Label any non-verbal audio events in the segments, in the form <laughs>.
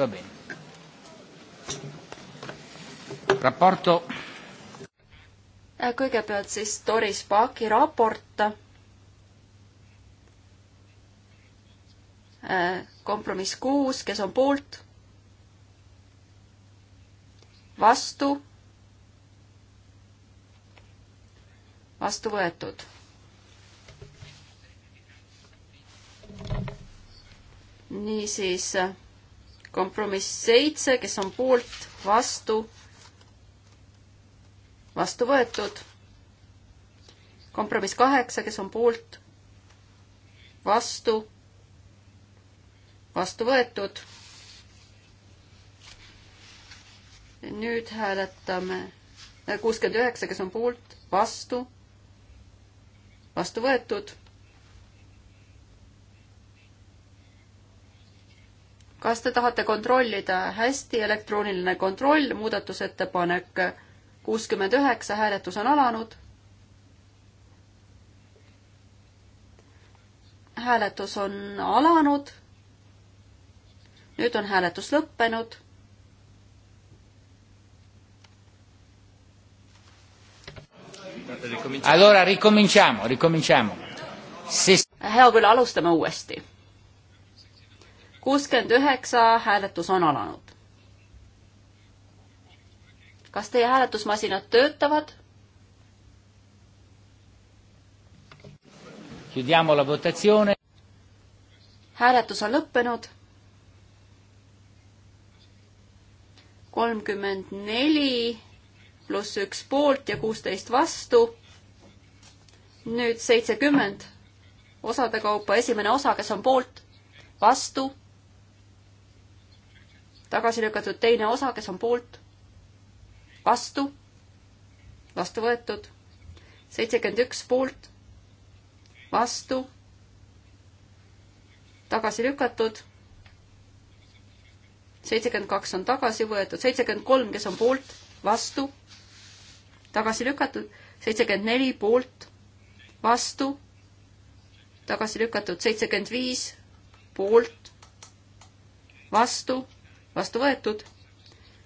Va bene. Raporto. Äh, kõigepealt siis Doris Paaki raport. Äh, kompromiss kuus, kes on poolt? vastu? vastu võetud. niisiis äh, kompromiss seitse, kes on poolt, vastu, vastu võetud. kompromiss kaheksa, kes on poolt, vastu, vastu võetud. nüüd hääletame kuuskümmend üheksa, kes on poolt, vastu, vastu võetud kas te tahate kontrollida? hästi, elektrooniline kontroll, muudatusettepanek kuuskümmend üheksa, hääletus on alanud. hääletus on alanud. nüüd on hääletus lõppenud. Allora ricominciamo, ricominciamo. Hea küll, alustame uuesti kuuskümmend üheksa, hääletus on alanud. kas teie hääletusmasinad töötavad? hääletus on lõppenud. kolmkümmend neli pluss üks poolt ja kuusteist vastu. nüüd seitsekümmend osade kaupa, esimene osa, kes on poolt, vastu tagasi lükatud teine osa, kes on poolt, vastu, vastu võetud, seitsekümmend üks poolt, vastu, tagasi lükatud, seitsekümmend kaks on tagasi võetud, seitsekümmend kolm, kes on poolt, vastu, tagasi lükatud, seitsekümmend neli poolt, vastu, tagasi lükatud, seitsekümmend viis poolt, vastu vastu võetud,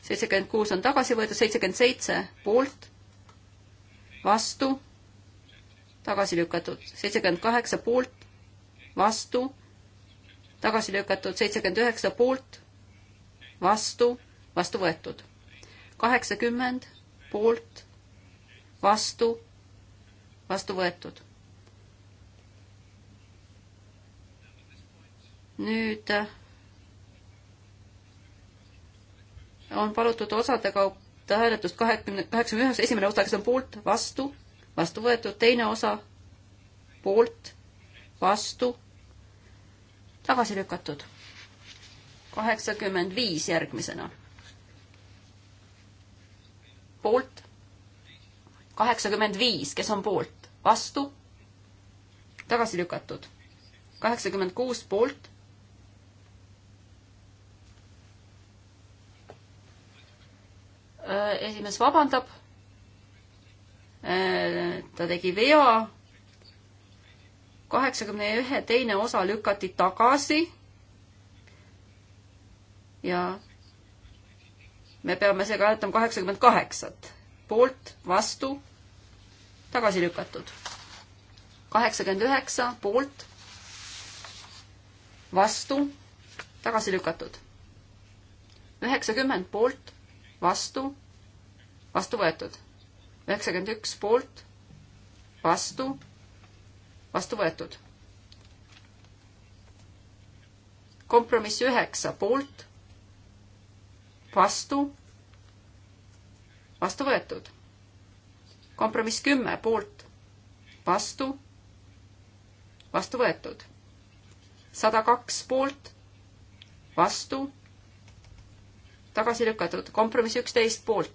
seitsekümmend kuus on tagasi võetud, seitsekümmend seitse poolt, vastu, tagasi lükatud, seitsekümmend kaheksa poolt, vastu, tagasi lükatud, seitsekümmend üheksa poolt, vastu, vastu võetud, kaheksakümmend poolt, vastu, vastu võetud. nüüd on palutud osade kaupa hääletust kahekümne, kaheksakümne üheksa, esimene osa, kes on poolt, vastu, vastu võetud, teine osa poolt, vastu, tagasi lükatud. kaheksakümmend viis järgmisena. poolt, kaheksakümmend viis, kes on poolt, vastu, tagasi lükatud. kaheksakümmend kuus poolt Äh, esimees vabandab. Äh, ta tegi vea. kaheksakümne ühe teine osa lükati tagasi. ja me peame seega hääletama kaheksakümmend kaheksat. poolt, vastu, tagasi lükatud. kaheksakümmend üheksa poolt, vastu, tagasi lükatud. üheksakümmend poolt vastu, vastu võetud. üheksakümmend üks poolt, vastu, vastu võetud. kompromiss üheksa poolt, vastu, vastu võetud. kompromiss kümme poolt, vastu, vastu võetud. sada kaks poolt, vastu tagasi lükatud, kompromiss üksteist poolt,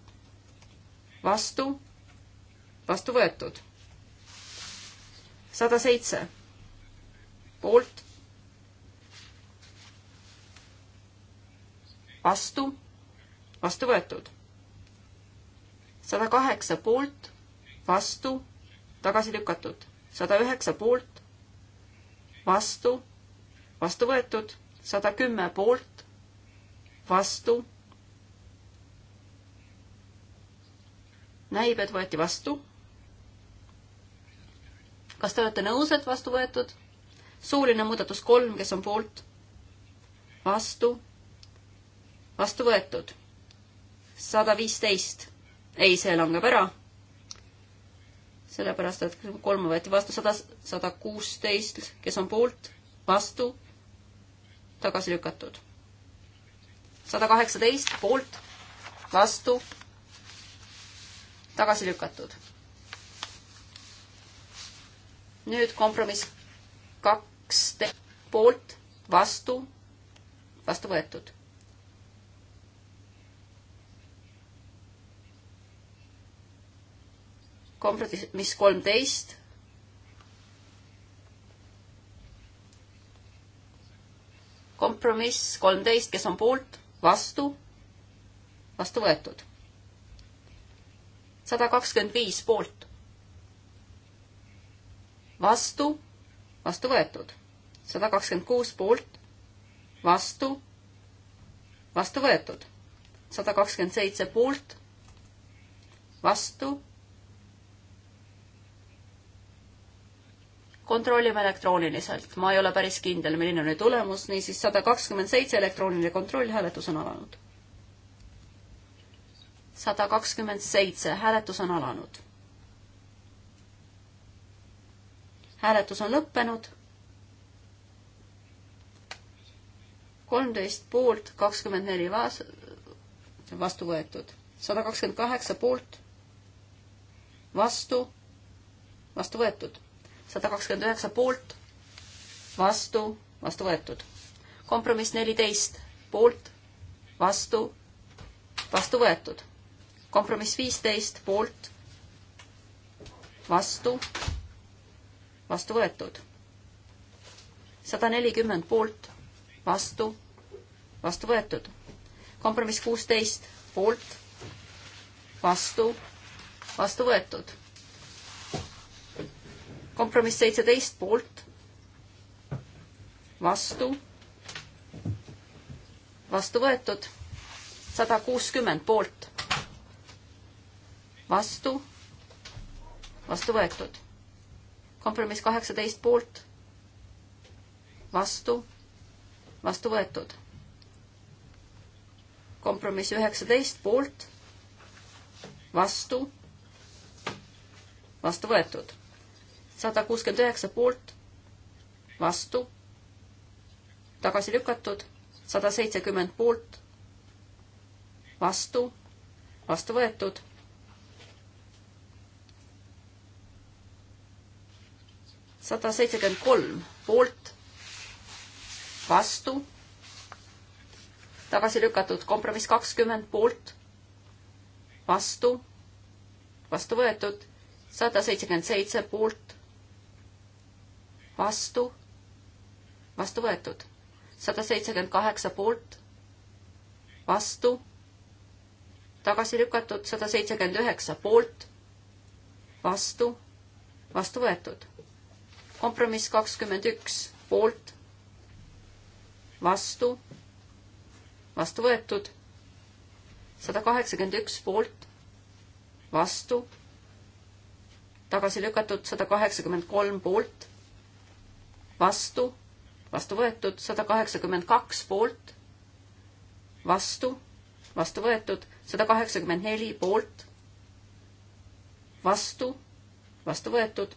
vastu, vastu võetud. sada seitse poolt, vastu, vastu võetud. sada kaheksa poolt, vastu, tagasi lükatud. sada üheksa poolt, vastu, vastu võetud. sada kümme poolt, vastu näib, et võeti vastu. kas te olete nõus, et vastu võetud? suuline muudatus kolm, kes on poolt? vastu? vastu võetud. sada viisteist. ei, see langeb ära. sellepärast, et kolm võeti vastu, sada, sada kuusteist, kes on poolt? vastu? tagasi lükatud. sada kaheksateist poolt? vastu? tagasi lükatud. nüüd kompromiss kaks poolt, vastu, vastu võetud. kompromiss kolmteist kompromiss kolmteist, kes on poolt, vastu, vastu võetud sada kakskümmend viis poolt. vastu, vastu võetud. sada kakskümmend kuus poolt, vastu, vastu võetud. sada kakskümmend seitse poolt, vastu. kontrollime elektrooniliselt, ma ei ole päris kindel, milline oli tulemus, niisiis sada kakskümmend seitse elektrooniline kontrollhääletus on alanud sada kakskümmend seitse, hääletus on alanud. hääletus on lõppenud. kolmteist poolt, kakskümmend neli vaas-, vastu võetud. sada kakskümmend kaheksa poolt, vastu, vastu võetud. sada kakskümmend üheksa poolt, vastu, vastu võetud. kompromiss neliteist, poolt, vastu, vastu võetud kompromiss viisteist poolt, vastu, vastu võetud. sada nelikümmend poolt, vastu, vastu võetud. kompromiss kuusteist poolt, vastu, vastu võetud. kompromiss seitseteist poolt, vastu, vastu võetud. sada kuuskümmend poolt vastu, vastu võetud. kompromiss kaheksateist poolt, vastu, vastu võetud. kompromiss üheksateist poolt, vastu, vastu võetud. sada kuuskümmend üheksa poolt, vastu, tagasi lükatud, sada seitsekümmend poolt, vastu, vastu võetud sada seitsekümmend kolm poolt, vastu, tagasi lükatud kompromiss kakskümmend poolt, vastu, vastu võetud, sada seitsekümmend seitse poolt, vastu, vastu võetud, sada seitsekümmend kaheksa poolt, vastu, tagasi lükatud, sada seitsekümmend üheksa poolt, vastu, vastu võetud kompromiss kakskümmend üks poolt, vastu, vastu võetud, sada kaheksakümmend üks poolt, vastu, tagasi lükatud sada kaheksakümmend kolm poolt, vastu, vastu võetud, sada kaheksakümmend kaks poolt, vastu, vastu võetud, sada kaheksakümmend neli poolt, vastu, vastu võetud,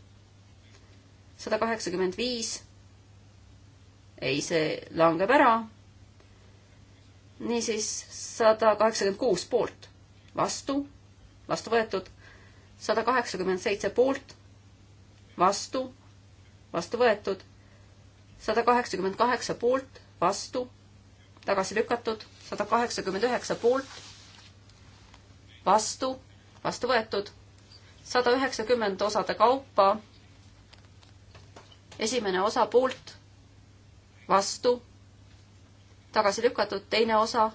sada kaheksakümmend viis. ei, see langeb ära. niisiis sada kaheksakümmend kuus poolt, vastu, vastu võetud, sada kaheksakümmend seitse poolt, vastu, vastu võetud, sada kaheksakümmend kaheksa poolt, vastu, tagasi lükatud, sada kaheksakümmend üheksa poolt, vastu, vastu võetud, sada üheksakümmend osade kaupa esimene osa poolt, vastu, tagasi lükatud, teine osa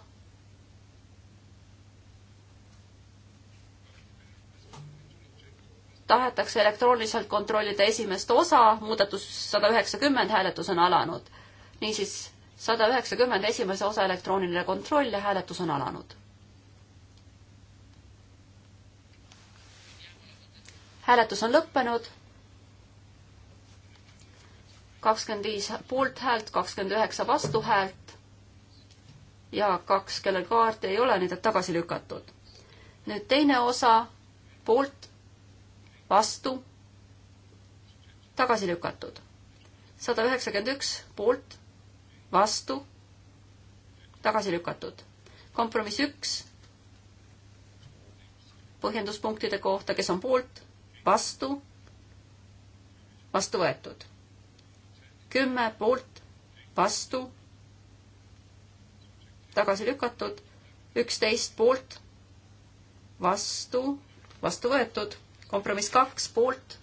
tahetakse elektrooniliselt kontrollida esimest osa, muudatus sada üheksakümmend, hääletus on alanud. niisiis, sada üheksakümmend esimese osa elektrooniline kontroll ja hääletus on alanud. hääletus on lõppenud kakskümmend viis poolthäält, kakskümmend üheksa vastuhäält ja kaks, kellel kaarti ei ole, need on tagasi lükatud. nüüd teine osa poolt, vastu, tagasi lükatud. sada üheksakümmend üks poolt, vastu, tagasi lükatud. kompromiss üks, põhjenduspunktide kohta, kes on poolt, vastu, vastu võetud kümme poolt, vastu, tagasi lükatud, üksteist poolt, vastu, vastu võetud, kompromiss kaks poolt,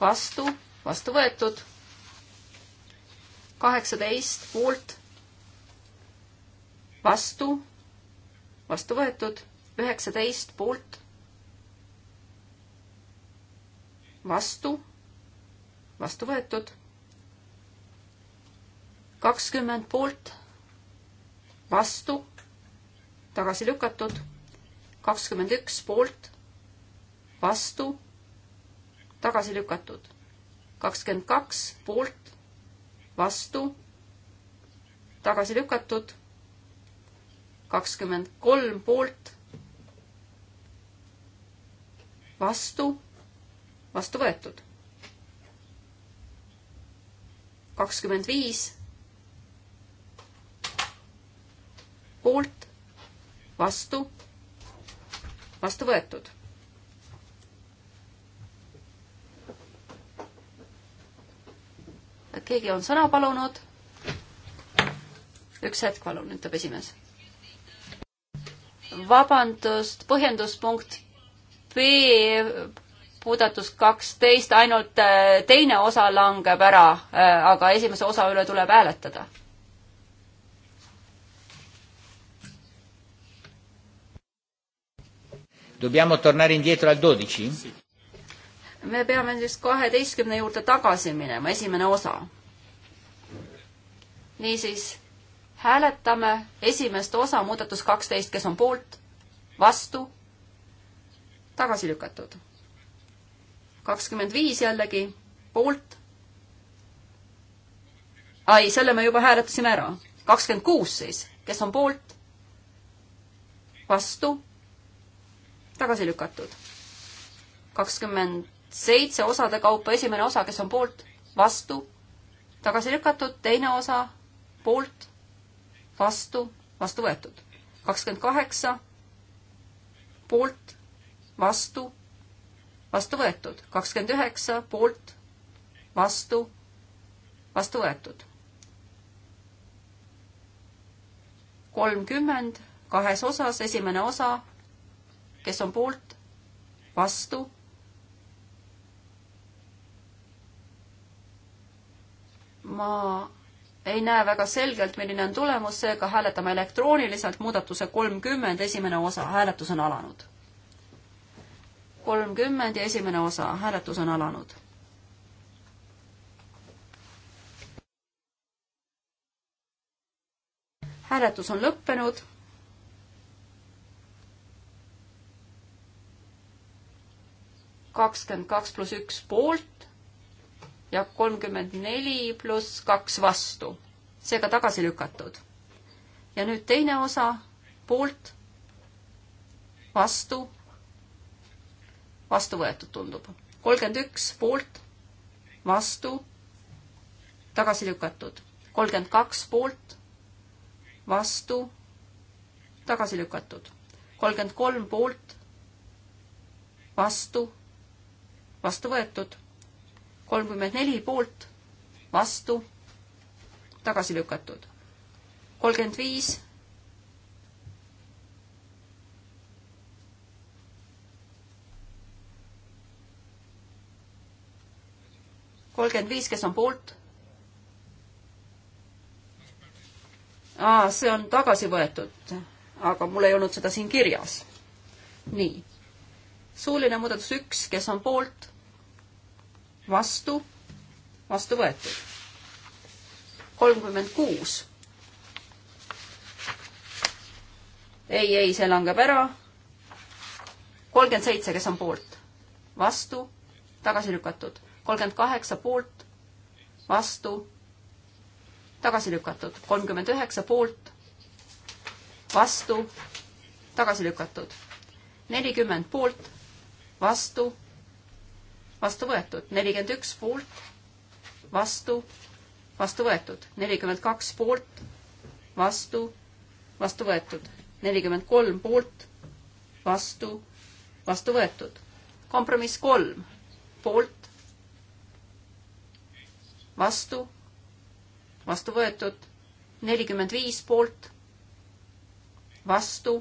vastu, vastu võetud, kaheksateist poolt, vastu, vastu võetud, üheksateist poolt, vastu, vastu võetud kakskümmend poolt, vastu, tagasi lükatud, kakskümmend üks poolt, vastu, tagasi lükatud, kakskümmend kaks poolt, vastu, tagasi lükatud, kakskümmend kolm poolt, vastu, vastu võetud, kakskümmend viis poolt, vastu, vastu võetud. keegi on sõna palunud. üks hetk, palun, ütleb esimees. vabandust, põhjenduspunkt B muudatus kaksteist, ainult äh, teine osa langeb ära, äh, aga esimese osa üle tuleb hääletada Dobbiamo tornare indietro al dodici? me peame siis kaheteistkümne juurde tagasi minema, esimene osa. niisiis, hääletame esimest osa, muudatus kaksteist, kes on poolt, vastu, tagasi lükatud. kakskümmend viis jällegi, poolt. ai, selle me juba hääletasime ära. kakskümmend kuus siis, kes on poolt, vastu tagasi lükatud. kakskümmend seitse osade kaupa, esimene osa, kes on poolt, vastu, tagasi lükatud, teine osa, poolt, vastu, vastu võetud. kakskümmend kaheksa, poolt, vastu, vastu võetud. kakskümmend üheksa, poolt, vastu, vastu võetud. kolmkümmend, kahes osas, esimene osa, kes on poolt, vastu. ma ei näe väga selgelt, milline on tulemus, seega hääletame elektrooniliselt muudatuse kolmkümmend, esimene osa, hääletus on alanud. kolmkümmend ja esimene osa, hääletus on alanud. hääletus on lõppenud kakskümmend kaks pluss üks poolt ja kolmkümmend neli pluss kaks vastu. seega tagasi lükatud. ja nüüd teine osa poolt, vastu, vastu võetud tundub. kolmkümmend üks poolt, vastu, tagasi lükatud. kolmkümmend kaks poolt, vastu, tagasi lükatud. kolmkümmend kolm poolt, vastu vastu võetud, kolmkümmend neli poolt, vastu, tagasi lükatud, kolmkümmend viis kolmkümmend viis, kes on poolt? aa, see on tagasi võetud, aga mul ei olnud seda siin kirjas. nii. suuline muudatus üks, kes on poolt? vastu, vastu võetud. kolmkümmend kuus. ei, ei, see langeb ära. kolmkümmend seitse, kes on poolt, vastu, tagasi lükatud. kolmkümmend kaheksa poolt, vastu, tagasi lükatud. kolmkümmend üheksa poolt, vastu, tagasi lükatud. nelikümmend poolt, vastu vastu võetud, nelikümmend üks poolt, vastu, vastu võetud, nelikümmend kaks poolt, vastu, vastu võetud, nelikümmend kolm poolt, vastu, vastu võetud. kompromiss kolm, poolt, vastu, vastu võetud, nelikümmend viis poolt, vastu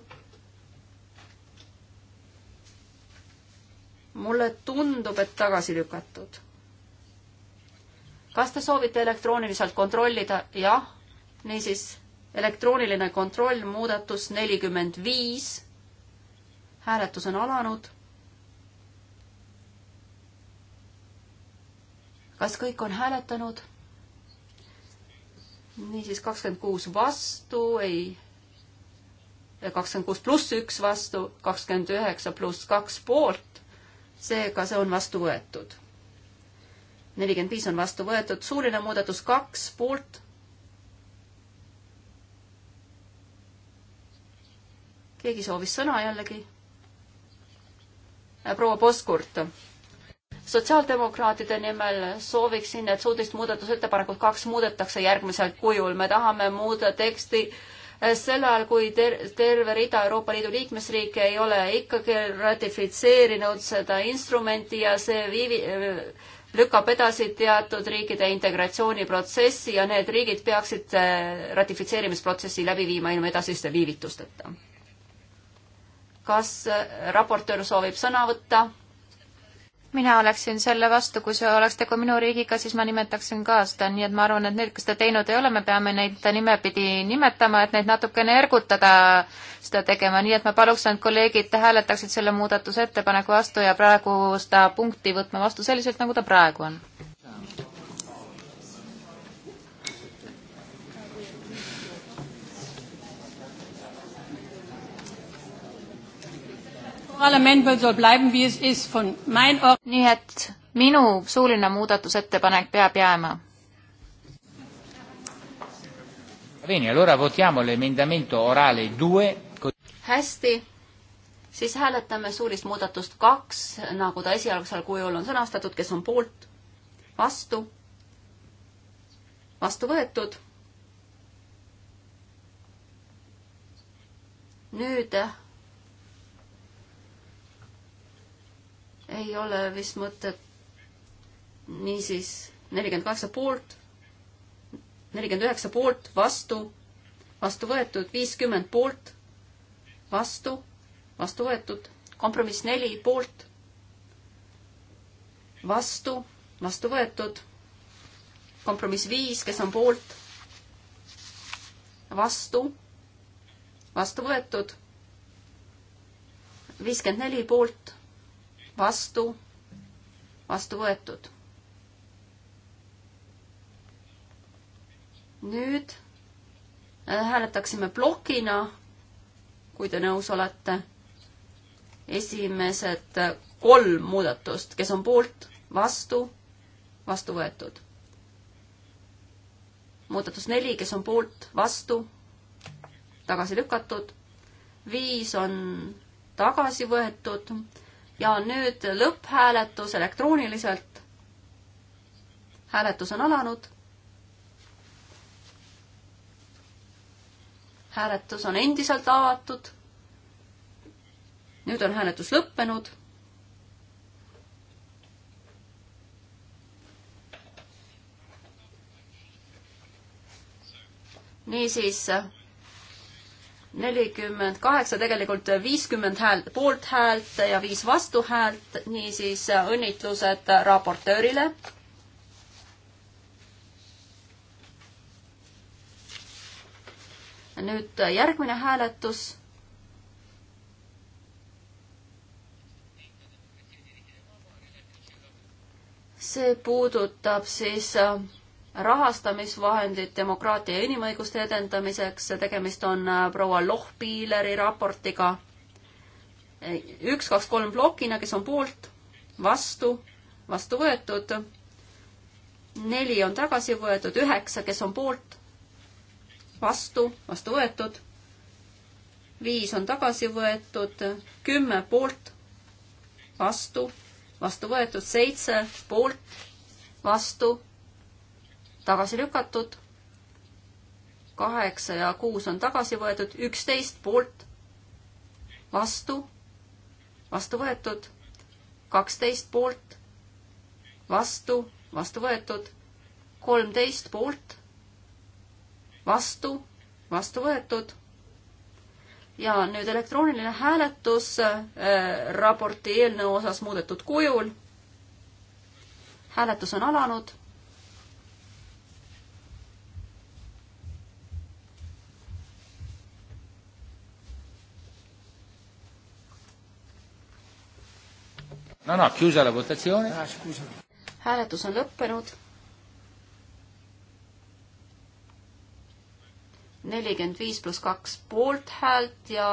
mulle tundub, et tagasi lükatud. kas te soovite elektrooniliselt kontrollida? jah, niisiis elektrooniline kontroll, muudatus nelikümmend viis. hääletus on alanud. kas kõik on hääletanud? niisiis kakskümmend kuus vastu, ei kakskümmend kuus pluss üks vastu, kakskümmend üheksa pluss kaks poolt seega see on vastu võetud. nelikümmend viis on vastu võetud, suuline muudatus kaks poolt. keegi soovis sõna jällegi? Äh, proua Poskurt. sotsiaaldemokraatide nimel sooviksin, et suulist muudatusettepanekut kaks muudetakse järgmisel kujul. me tahame muuta teksti äh, sel ajal, kui ter-, terve rida Euroopa Liidu liikmesriike ei ole ikkagi ratifitseerinud seda instrumenti ja see viivi-, lükkab edasi teatud riikide integratsiooniprotsessi ja need riigid peaksid äh, ratifitseerimisprotsessi läbi viima ilma edasiste viivitusteta. kas äh, raportöör soovib sõna võtta? mina oleksin selle vastu, kui see oleks tegu minu riigiga, siis ma nimetaksin ka seda, nii et ma arvan, et need, kes seda teinud ei ole, me peame neid äh, nimepidi nimetama, et neid natukene ergutada seda tegema, nii et ma paluks, et kolleegid hääletaksid selle muudatusettepaneku vastu ja praegu seda punkti võtma vastu selliselt, nagu ta praegu on. nii et minu suuline muudatusettepanek peab jääma. hästi, siis hääletame suulist muudatust kaks, nagu ta esialgsel kujul on sõnastatud, kes on poolt, vastu, vastu võetud. nüüd ei ole vist mõtet. niisiis nelikümmend kaheksa poolt, nelikümmend üheksa poolt, vastu, vastu võetud, viiskümmend poolt, vastu, vastu võetud, kompromiss neli poolt, vastu, vastu võetud, kompromiss viis, kes on poolt, vastu, vastu võetud, viiskümmend neli poolt vastu, vastu võetud. nüüd äh, hääletaksime plokina, kui te nõus olete, esimesed äh, kolm muudatust, kes on poolt, vastu, vastu võetud. muudatus neli, kes on poolt, vastu, tagasi lükatud, viis on tagasi võetud ja nüüd lõpphääletus elektrooniliselt. hääletus on alanud. hääletus on endiselt avatud. nüüd on hääletus lõppenud niisiis nelikümmend kaheksa, tegelikult viiskümmend häält, poolthäält ja viis vastuhäält, niisiis õnnitlused raportöörile. nüüd järgmine hääletus. see puudutab siis äh, rahastamisvahendid demokraatia ja inimõiguste edendamiseks, tegemist on äh, proua Lohpiileri raportiga. üks, kaks, kolm plokina, kes on poolt, vastu, vastu võetud. neli on tagasi võetud, üheksa, kes on poolt, vastu, vastu võetud. viis on tagasi võetud, kümme poolt, vastu, vastu võetud, seitse poolt, vastu tagasi lükatud, kaheksa ja kuus on tagasi võetud, üksteist poolt, vastu, vastu võetud, kaksteist poolt, vastu, vastu võetud, kolmteist poolt, vastu, vastu võetud ja nüüd elektrooniline hääletus äh, raporti eelnõu osas muudetud kujul. hääletus on alanud no no, chiusa la votazione. Ah, hääletus on lõppenud. nelikümmend viis pluss kaks poolthäält ja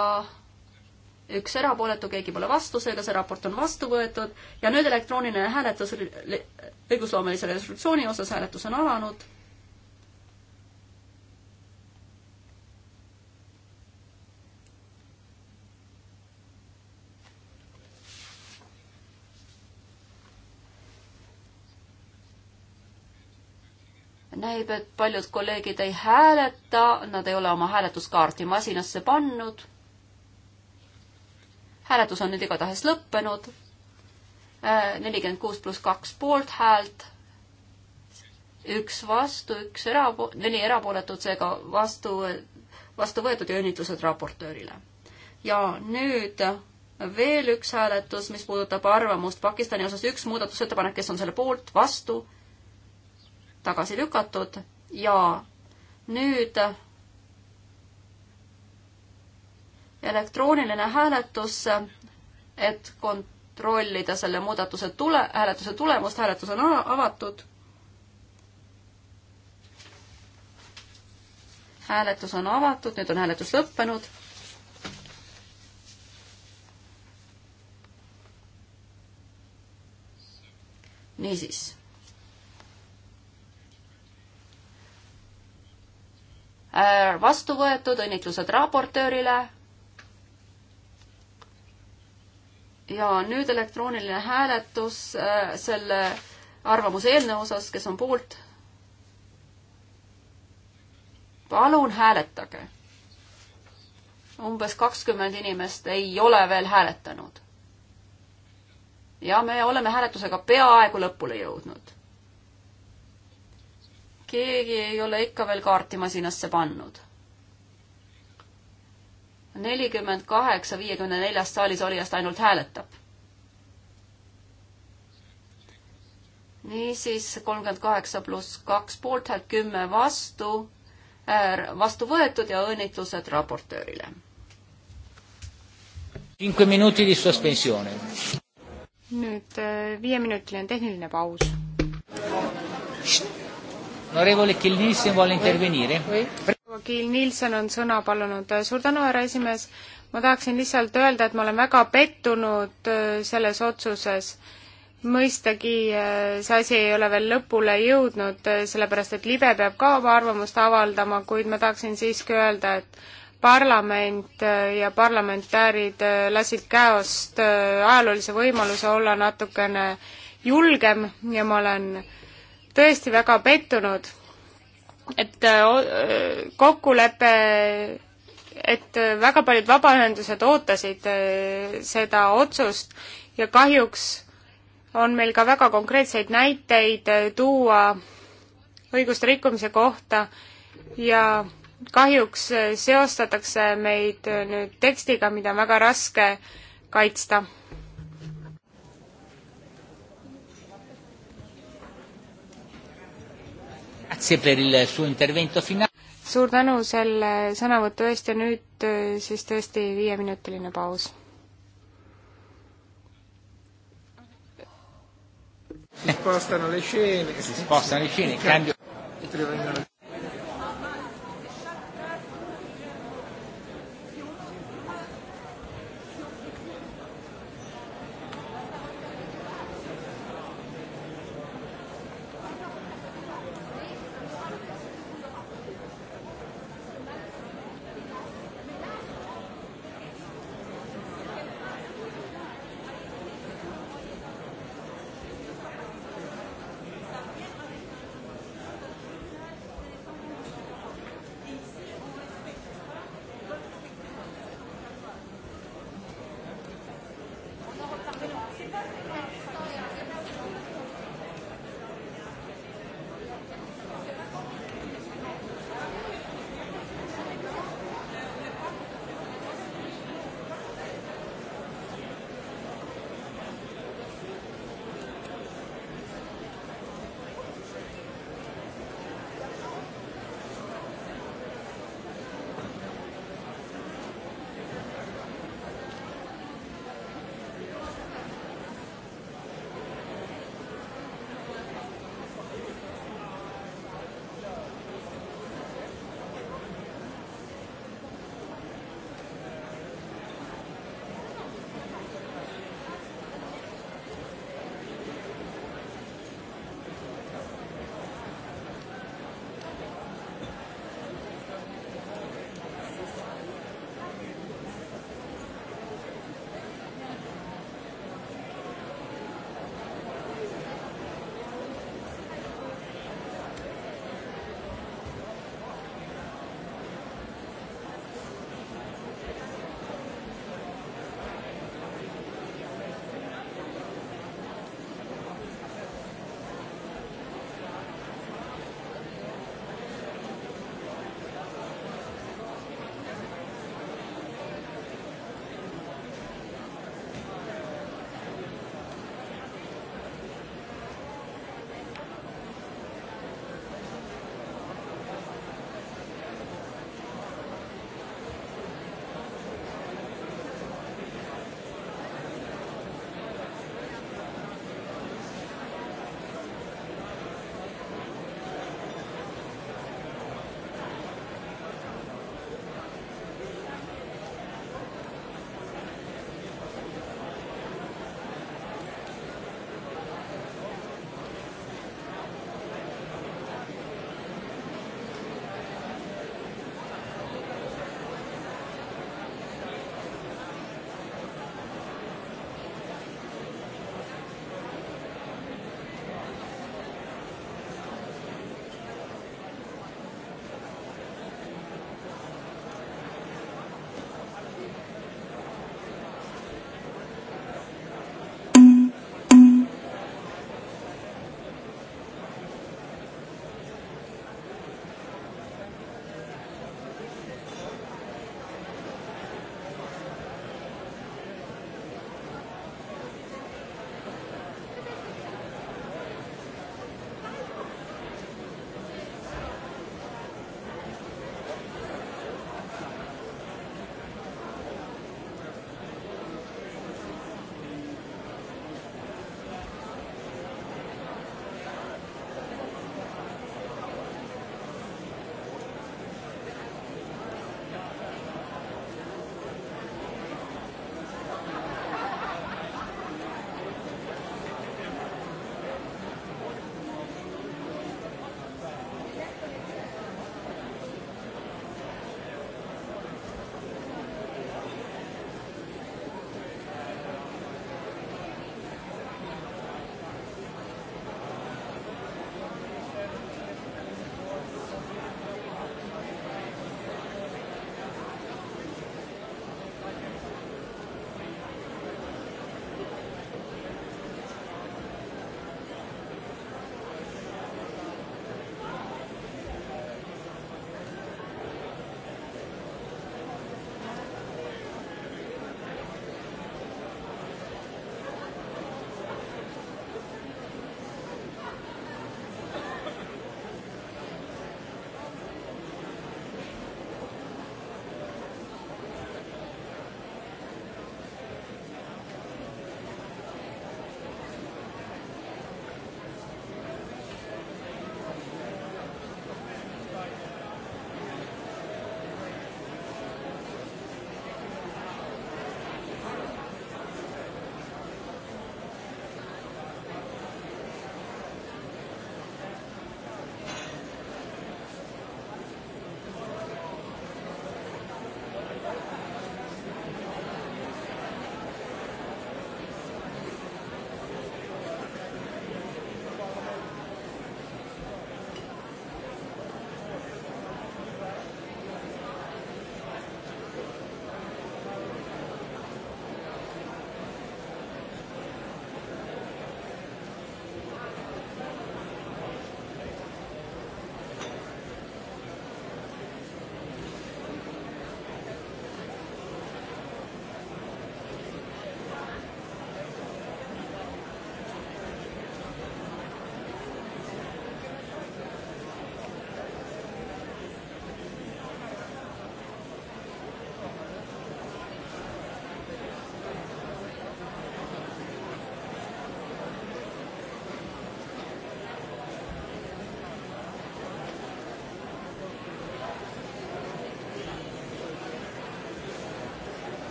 üks erapooletu, keegi pole vastu, seega see raport on vastu võetud ja nüüd elektrooniline hääletus õigusloomelise resolutsiooni osas, hääletus on alanud näib, et paljud kolleegid ei hääleta, nad ei ole oma hääletuskaarti masinasse pannud. hääletus on nüüd igatahes lõppenud. Äh, nelikümmend kuus pluss kaks poolthäält, üks vastu, üks erapo-, neli erapooletut, seega vastu, vastu võetud ja õnnitlused raportöörile. ja nüüd veel üks hääletus, mis puudutab arvamust Pakistani osas, üks muudatusettepanek, kes on selle poolt, vastu tagasi lükatud ja nüüd elektrooniline hääletus, et kontrollida selle muudatuse tule, hääletuse tulemust, hääletus on avatud. hääletus on avatud, nüüd on hääletus lõppenud. niisiis Äh, vastu võetud, õnnitlused raportöörile. ja nüüd elektrooniline hääletus äh, selle arvamuse eelnõu osas, kes on poolt. palun hääletage. umbes kakskümmend inimest ei ole veel hääletanud. ja me oleme hääletusega peaaegu lõpule jõudnud keegi ei ole ikka veel kaarti masinasse pannud. nelikümmend kaheksa viiekümne neljast saalis olijast ainult hääletab. niisiis kolmkümmend kaheksa pluss kaks poolthäält, kümme vastu, äh, vastu võetud ja õnnitlused raportöörile. nüüd äh, viieminutiline tehniline paus. Onorevole Kill Nielsen vuole intervenire. Kill Nielsen on sõna palunud. suur tänu, härra esimees. ma tahaksin lihtsalt öelda, et ma olen väga pettunud äh, selles otsuses. mõistagi äh, see asi ei ole veel lõpule jõudnud, äh, sellepärast et libe peab ka oma arvamust avaldama, kuid ma tahaksin siiski öelda, et parlament ja parlamentäärid lasid käost ajaloolise võimaluse olla natukene julgem ja ma olen äh, tõesti väga pettunud, et äh, äh, kokkulepe, et äh, väga paljud vabaühendused ootasid seda otsust ja kahjuks on meil ka väga konkreetseid näiteid tuua õiguste rikkumise kohta ja kahjuks seostatakse meid nüüd tekstiga, mida on väga raske kaitsta suur tänu selle sõnavõtu eest ja nüüd äh, siis tõesti viieminutiline paus. spostano le scene, si spostano le scene, cambio. E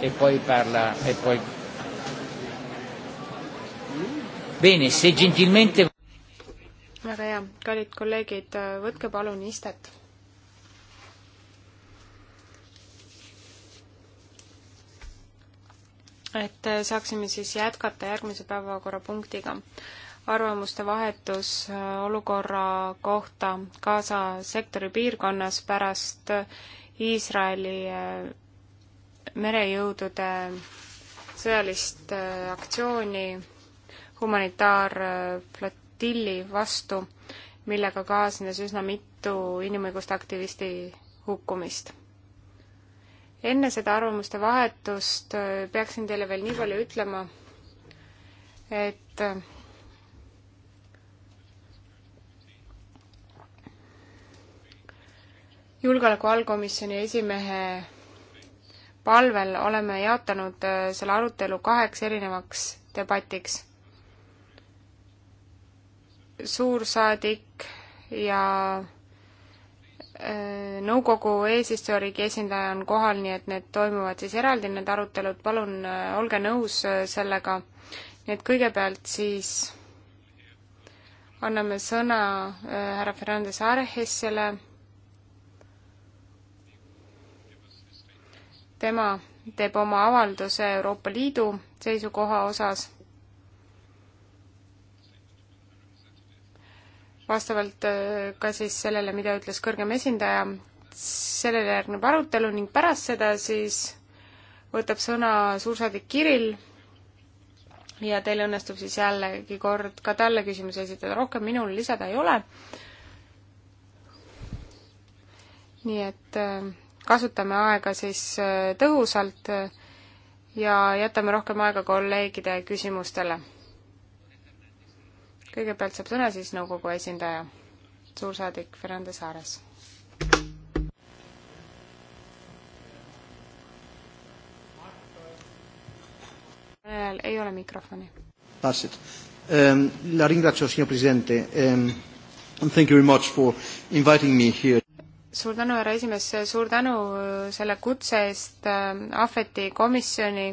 e poi parla e poi Bene, se gentilmente väga hea, kallid kolleegid, võtke palun istet. et saaksime siis jätkata järgmise päevakorrapunktiga. arvamuste vahetus olukorra kohta Gaza sektori piirkonnas pärast Iisraeli merejõudude sõjalist äh, aktsiooni humanitaarflotilli äh, vastu, millega kaasnes üsna mitu inimõiguste aktivisti hukkumist. enne seda arvamuste vahetust äh, peaksin teile veel nii palju ütlema, et julgeoleku allkomisjoni esimehe palvel oleme jaotanud äh, selle arutelu kaheks erinevaks debatiks. suursaadik ja äh, nõukogu eesistujariigi esindaja on kohal, nii et need toimuvad siis eraldi, need arutelud, palun äh, olge nõus sellega. nii et kõigepealt siis anname sõna härra Fernandes Arhesele tema teeb oma avalduse Euroopa Liidu seisukoha osas vastavalt äh, ka siis sellele, mida ütles kõrgem esindaja, sellele järgneb arutelu ning pärast seda siis võtab sõna suursaadik Kirill ja teil õnnestub siis jällegi kord ka talle küsimusi esitada, rohkem minul lisada ei ole. nii et äh, kasutame aega siis äh, tõhusalt äh, ja jätame rohkem aega kolleegide küsimustele. kõigepealt saab sõna siis nõukogu esindaja, suursaadik Fernandes Saares. kõnel äh, ei ole mikrofoni. That's it um,. La ringrazio, signor presidente um,. Thank you very much for inviting me here suur tänu, härra esimees, suur tänu äh, selle kutse eest äh, Ahveti komisjoni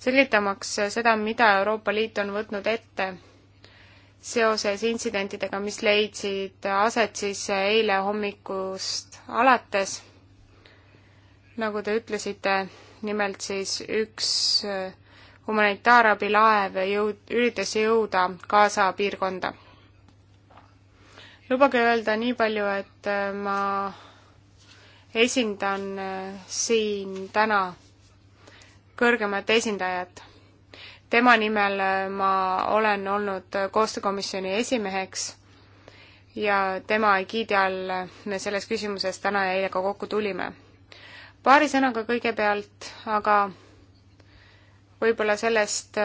selgitamaks äh, seda, mida Euroopa Liit on võtnud ette seoses intsidentidega, mis leidsid aset siis eile hommikust alates. nagu te ütlesite, nimelt siis üks humanitaarabilaev jõud-, üritas jõuda Gaza piirkonda lubage öelda nii palju, et äh, ma esindan äh, siin täna kõrgemat esindajat. tema nimel äh, ma olen olnud koostöökomisjoni esimeheks ja tema egiidi all me selles küsimuses täna ja eile ka kokku tulime. paari sõnaga kõigepealt aga võib-olla sellest,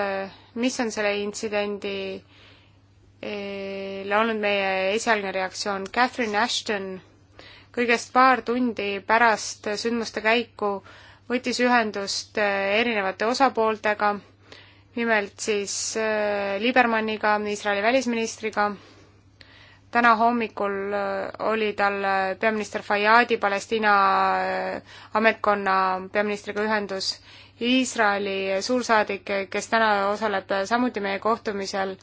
mis on selle intsidendi olnud meie esialgne reaktsioon. Catherine Ashton kõigest paar tundi pärast sündmuste käiku võttis ühendust erinevate osapooltega, nimelt siis Libermanniga, Iisraeli välisministriga. täna hommikul oli tal peaminister Fayyadi Palestiina ametkonna peaministriga ühendus Iisraeli suursaadik, kes täna osaleb samuti meie kohtumisel,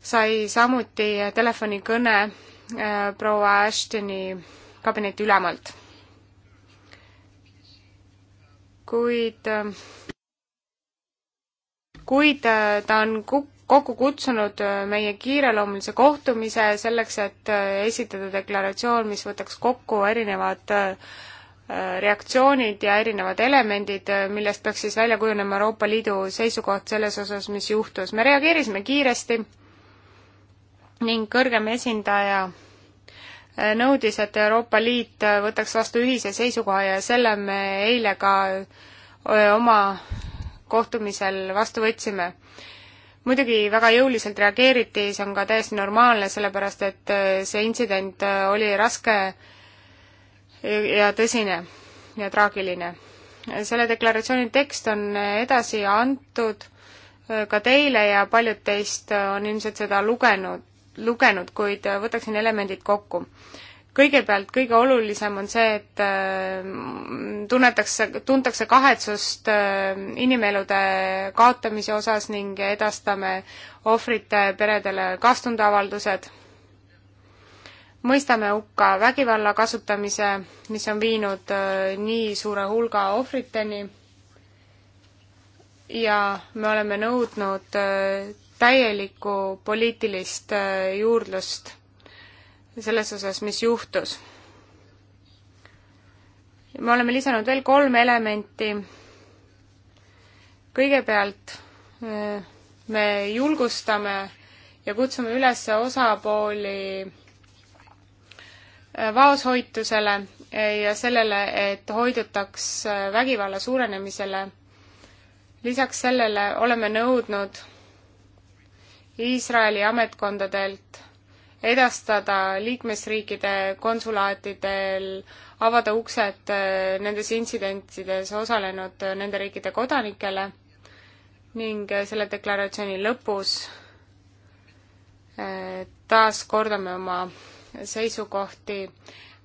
sai samuti telefonikõne äh, proua Ashtoni kabineti ülemalt. kuid, äh, kuid äh, ta on kokku kutsunud meie kiireloomulise kohtumise selleks, et esitada deklaratsioon, mis võtaks kokku erinevad reaktsioonid ja erinevad elemendid, millest peaks siis välja kujunema Euroopa Liidu seisukoht selles osas, mis juhtus. me reageerisime kiiresti ning kõrgem esindaja eh, nõudis, et Euroopa Liit eh, võtaks vastu ühise seisukoha ja selle me eile ka eh, oma kohtumisel vastu võtsime. muidugi väga jõuliselt reageeriti, see on ka täiesti normaalne, sellepärast et see intsident oli raske ja tõsine ja traagiline. selle deklaratsiooni tekst on edasi antud ka teile ja paljud teist on ilmselt seda lugenud lugenud, kuid äh, võtaksin elemendid kokku. kõigepealt kõige olulisem on see, et äh, tunnetakse, tuntakse kahetsust äh, inimelude kaotamise osas ning edastame ohvrite peredele kaastundeavaldused mõistame hukka vägivalla kasutamise, mis on viinud nii suure hulga ohvriteni ja me oleme nõudnud täielikku poliitilist äh, juurdlust selles osas, mis juhtus. me oleme lisanud veel kolm elementi. kõigepealt äh, me julgustame ja kutsume üles osapooli äh, vaoshoitusele ja sellele, et hoidutaks vägivalla suurenemisele. lisaks sellele oleme nõudnud Iisraeli ametkondadelt edastada liikmesriikide konsulaatidel, avada uksed äh, nendes intsidentides osalenud äh, nende riikide kodanikele ning äh, selle deklaratsiooni lõpus taas kordame oma seisukohti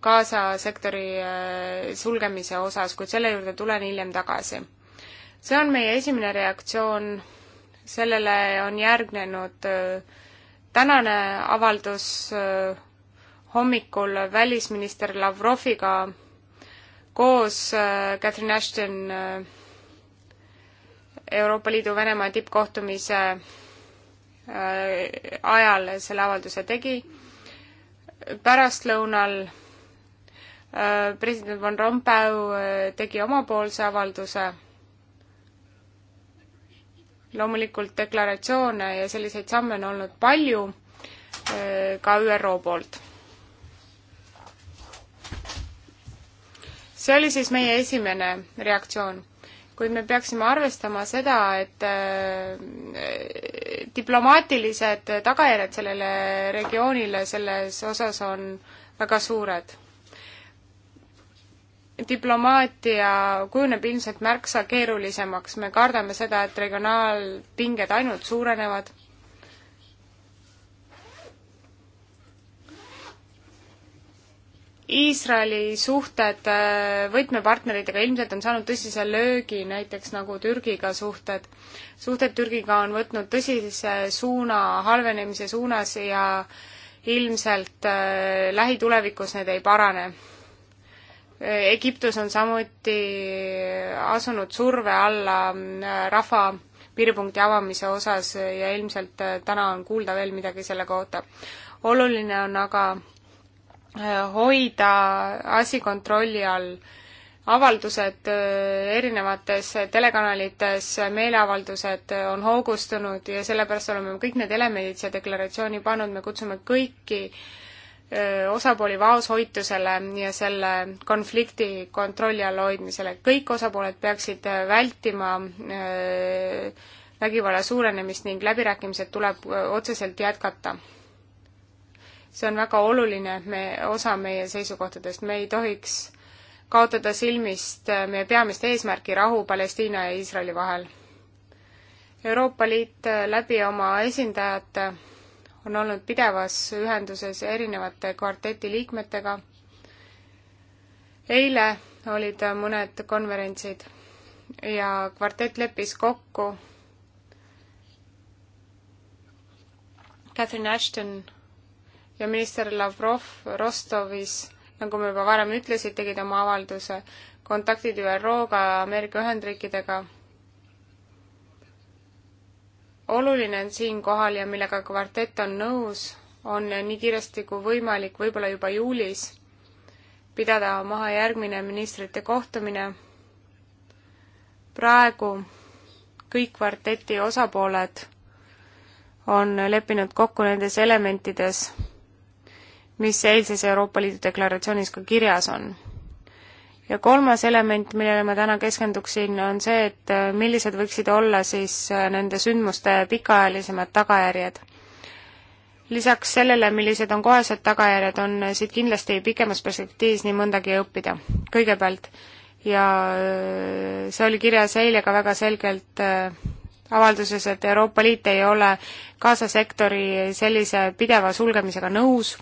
Gaza sektori sulgemise osas, kuid selle juurde tulen hiljem tagasi. see on meie esimene reaktsioon sellele on järgnenud äh, tänane avaldus äh, hommikul välisminister Lavroviga koos äh, Catherine Ashton Euroopa Liidu Venemaa tippkohtumise ajal selle avalduse tegi. pärastlõunal president Van Rompuy tegi omapoolse avalduse loomulikult deklaratsioone ja selliseid samme on olnud palju eh, ka ÜRO poolt. see oli siis meie esimene reaktsioon, kuid me peaksime arvestama seda, et eh, diplomaatilised tagajärjed sellele regioonile selles osas on väga suured diplomaatia kujuneb ilmselt märksa keerulisemaks, me kardame seda, et regionaalpinged ainult suurenevad. Iisraeli suhted äh, võtmepartneritega ilmselt on saanud tõsise löögi, näiteks nagu Türgiga suhted. suhted Türgiga on võtnud tõsise suuna halvenemise suunas ja ilmselt äh, lähitulevikus need ei parane Egiptus on samuti asunud surve alla äh, rahva piiripunkti avamise osas ja ilmselt äh, täna on kuulda veel midagi selle kohta. oluline on aga äh, hoida asi kontrolli all. avaldused erinevates telekanalites, meeleavaldused on hoogustunud ja sellepärast oleme kõik need elemendid siia deklaratsiooni pannud, me kutsume kõiki äh, osapooli vaoshoitusele ja selle konflikti kontrolli all hoidmisele. kõik osapooled peaksid vältima vägivalla suurenemist ning läbirääkimised tuleb otseselt jätkata. see on väga oluline me, osa meie seisukohtadest, me ei tohiks kaotada silmist meie peamist eesmärki rahu Palestiina ja Iisraeli vahel. Euroopa Liit läbi oma esindajate on olnud pidevas ühenduses erinevate kvarteti liikmetega. eile olid mõned konverentsid ja kvartett leppis kokku Catherine Ashton ja minister Lavrov Rostovis, nagu ma juba varem ütlesin, tegid oma avalduse, kontaktid ÜRO-ga, Ameerika Ühendriikidega oluline on siinkohal ja millega kvartett on nõus, on nii kiiresti kui võimalik, võib-olla juba juulis, pidada maha järgmine ministrite kohtumine. praegu kõik kvarteti osapooled on leppinud kokku nendes elementides, mis eilses Euroopa Liidu deklaratsioonis ka kirjas on ja kolmas element, millele ma täna keskenduksin, on see, et äh, millised võiksid olla siis äh, nende sündmuste pikaajalisemad tagajärjed. lisaks sellele, millised on kohesed tagajärjed, on äh, siit kindlasti pikemas perspektiivis nii mõndagi õppida, kõigepealt. ja see oli kirjas eile ka väga selgelt avalduses, et Euroopa Liit ei ole kaasasektori sellise pideva sulgemisega nõus,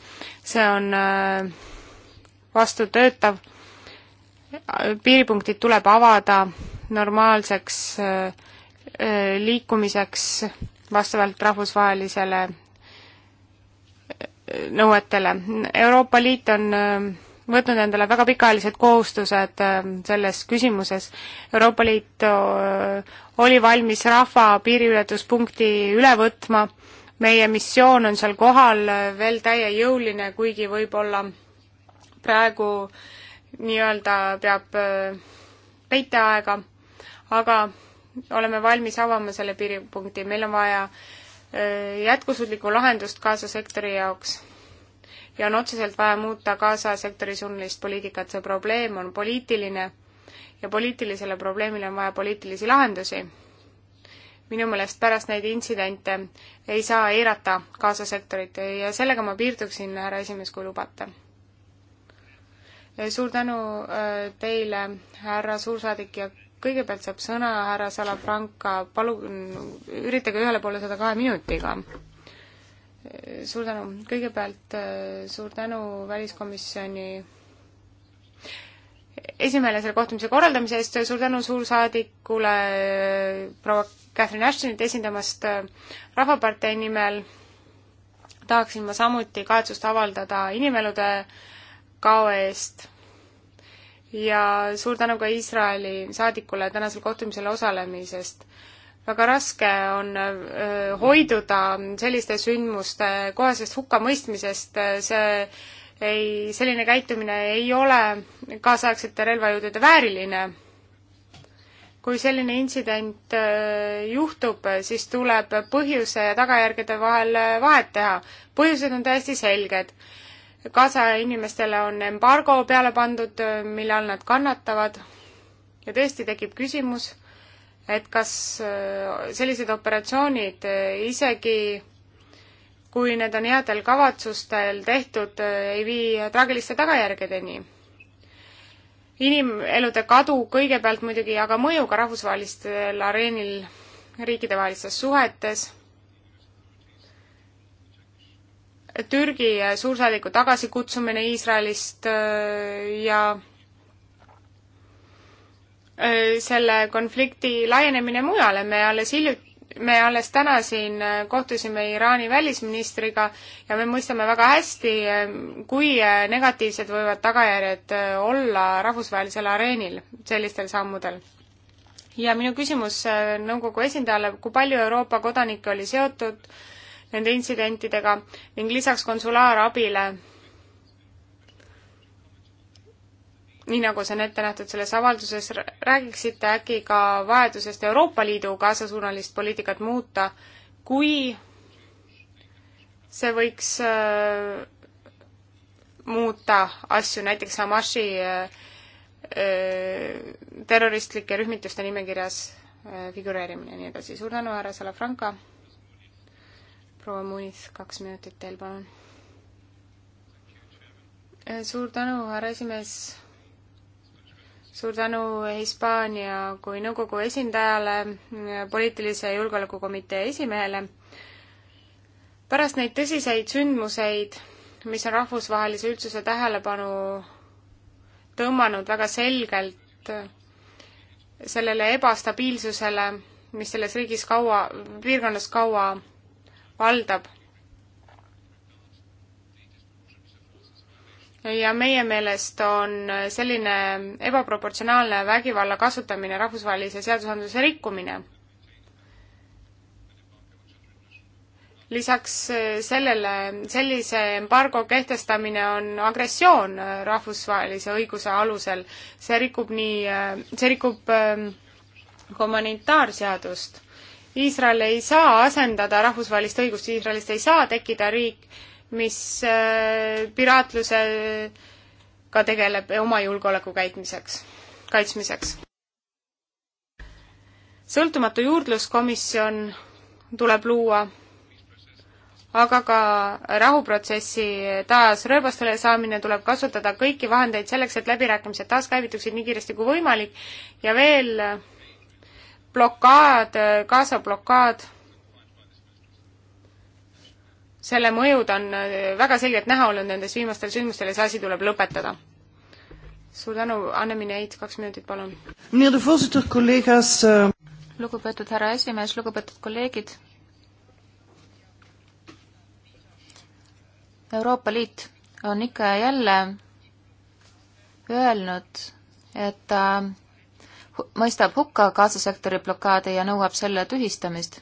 see on vastutöötav piiripunktid tuleb avada normaalseks äh, äh, liikumiseks vastavalt rahvusvahelisele äh, nõuetele. Euroopa Liit on võtnud endale väga pikaajalised kohustused selles küsimuses. Euroopa Liit oli valmis rahva piiriületuspunkti üle võtma, meie missioon on seal kohal veel täiejõuline, kuigi võib-olla praegu äh, nii-öelda peab äh, peiteaega, aga oleme valmis avama selle piiripunkti, meil on vaja äh, jätkusuutlikku lahendust Gaza sektori jaoks. ja on otseselt vaja muuta Gaza sektori suunalist poliitikat, see probleem on poliitiline ja poliitilisele probleemile on vaja poliitilisi lahendusi. minu meelest pärast neid intsidente ei saa eirata Gaza sektorit ja sellega ma piirduksin, härra esimees, kui lubate suur tänu äh, teile, härra suursaadik ja kõigepealt saab sõna härra Salafranca, palun üritage ühele poole seda kahe minutiga. suur tänu, kõigepealt äh, suur tänu väliskomisjoni esimehele selle kohtumise korraldamise eest, suur tänu suursaadikule äh, proua Catherine Ashtonit esindamast Rahvapartei nimel. tahaksin ma samuti kahetsust avaldada inimelude äh, kao eest ja suur tänu ka Iisraeli saadikule tänasel kohtumisel osalemisest. väga raske on hoiduda selliste sündmuste kohesest hukkamõistmisest, see ei, selline käitumine ei ole kaasaegsete relvajõudude vääriline. kui selline intsident juhtub, siis tuleb põhjuse ja tagajärgede vahel äh, vahet teha. põhjused on täiesti selged Gaza inimestele on embargo peale pandud, mille all nad kannatavad ja tõesti tekib küsimus, et kas äh, sellised operatsioonid äh, isegi kui need on headel kavatsustel tehtud, äh, ei vii traagiliste tagajärgedeni. inimelude kadu kõigepealt muidugi, aga mõju ka rahvusvahelistel areenil riikidevahelistes suhetes Türgi suursaadiku tagasikutsumine Iisraelist äh, ja äh, selle konflikti laienemine mujale, me alles hiljuti me alles täna siin äh, kohtusime Iraani välisministriga ja me mõistame väga hästi, kui negatiivsed võivad tagajärjed olla rahvusvahelisel areenil sellistel sammudel. ja minu küsimus nõukogu esindajale, kui palju Euroopa kodanikke oli seotud äh, nende intsidentidega ning lisaks konsulaarabile, nii nagu see on ette nähtud selles avalduses, räägiksite äkki ka vajadusest Euroopa Liidu kaasasuunalist poliitikat muuta, kui see võiks äh, muuta asju, näiteks Hamasi äh, äh, terroristlike rühmituste nimekirjas äh, figureerimine ja nii edasi. suur tänu, härra Salafranca! proua Munis, kaks minutit teil, palun. Äh, suur tänu, härra esimees. suur tänu Hispaania kui nõukogu esindajale, äh, poliitilise julgeolekukomitee esimehele. pärast neid tõsiseid sündmuseid, mis on rahvusvahelise üldsuse tähelepanu tõmmanud väga selgelt äh, sellele ebastabiilsusele, mis selles riigis kaua, piirkonnas kaua valdab. ja meie meelest on selline ebaproportsionaalne vägivalla kasutamine rahvusvahelise seadusandluse rikkumine. lisaks sellele, sellise embargo kehtestamine on agressioon rahvusvahelise õiguse alusel. see rikub nii, see rikub ähm, humanitaarseadust Iisrael ei saa asendada rahvusvahelist õigust, Iisraelist ei saa tekkida riik, mis äh, piraatlusega tegeleb oma julgeoleku käitmiseks, kaitsmiseks. sõltumatu juurdluskomisjon tuleb luua, aga ka rahuprotsessi taas rööbastele saamine tuleb kasutada kõiki vahendeid selleks, et läbirääkimised taaskäivituksid nii kiiresti kui võimalik ja veel blokaad, Gaza blokaad, selle mõjud on äh, väga selgelt näha olnud nendes viimastel sündmustel ja see asi tuleb lõpetada. suur tänu, Anne-Mine Eit, kaks minutit, palun. Eh, lugupeetud härra esimees, lugupeetud kolleegid. Euroopa Liit on ikka ja jälle öelnud, et ta äh, mõistab hukka Gaza-sektori blokaadi ja nõuab selle tühistamist.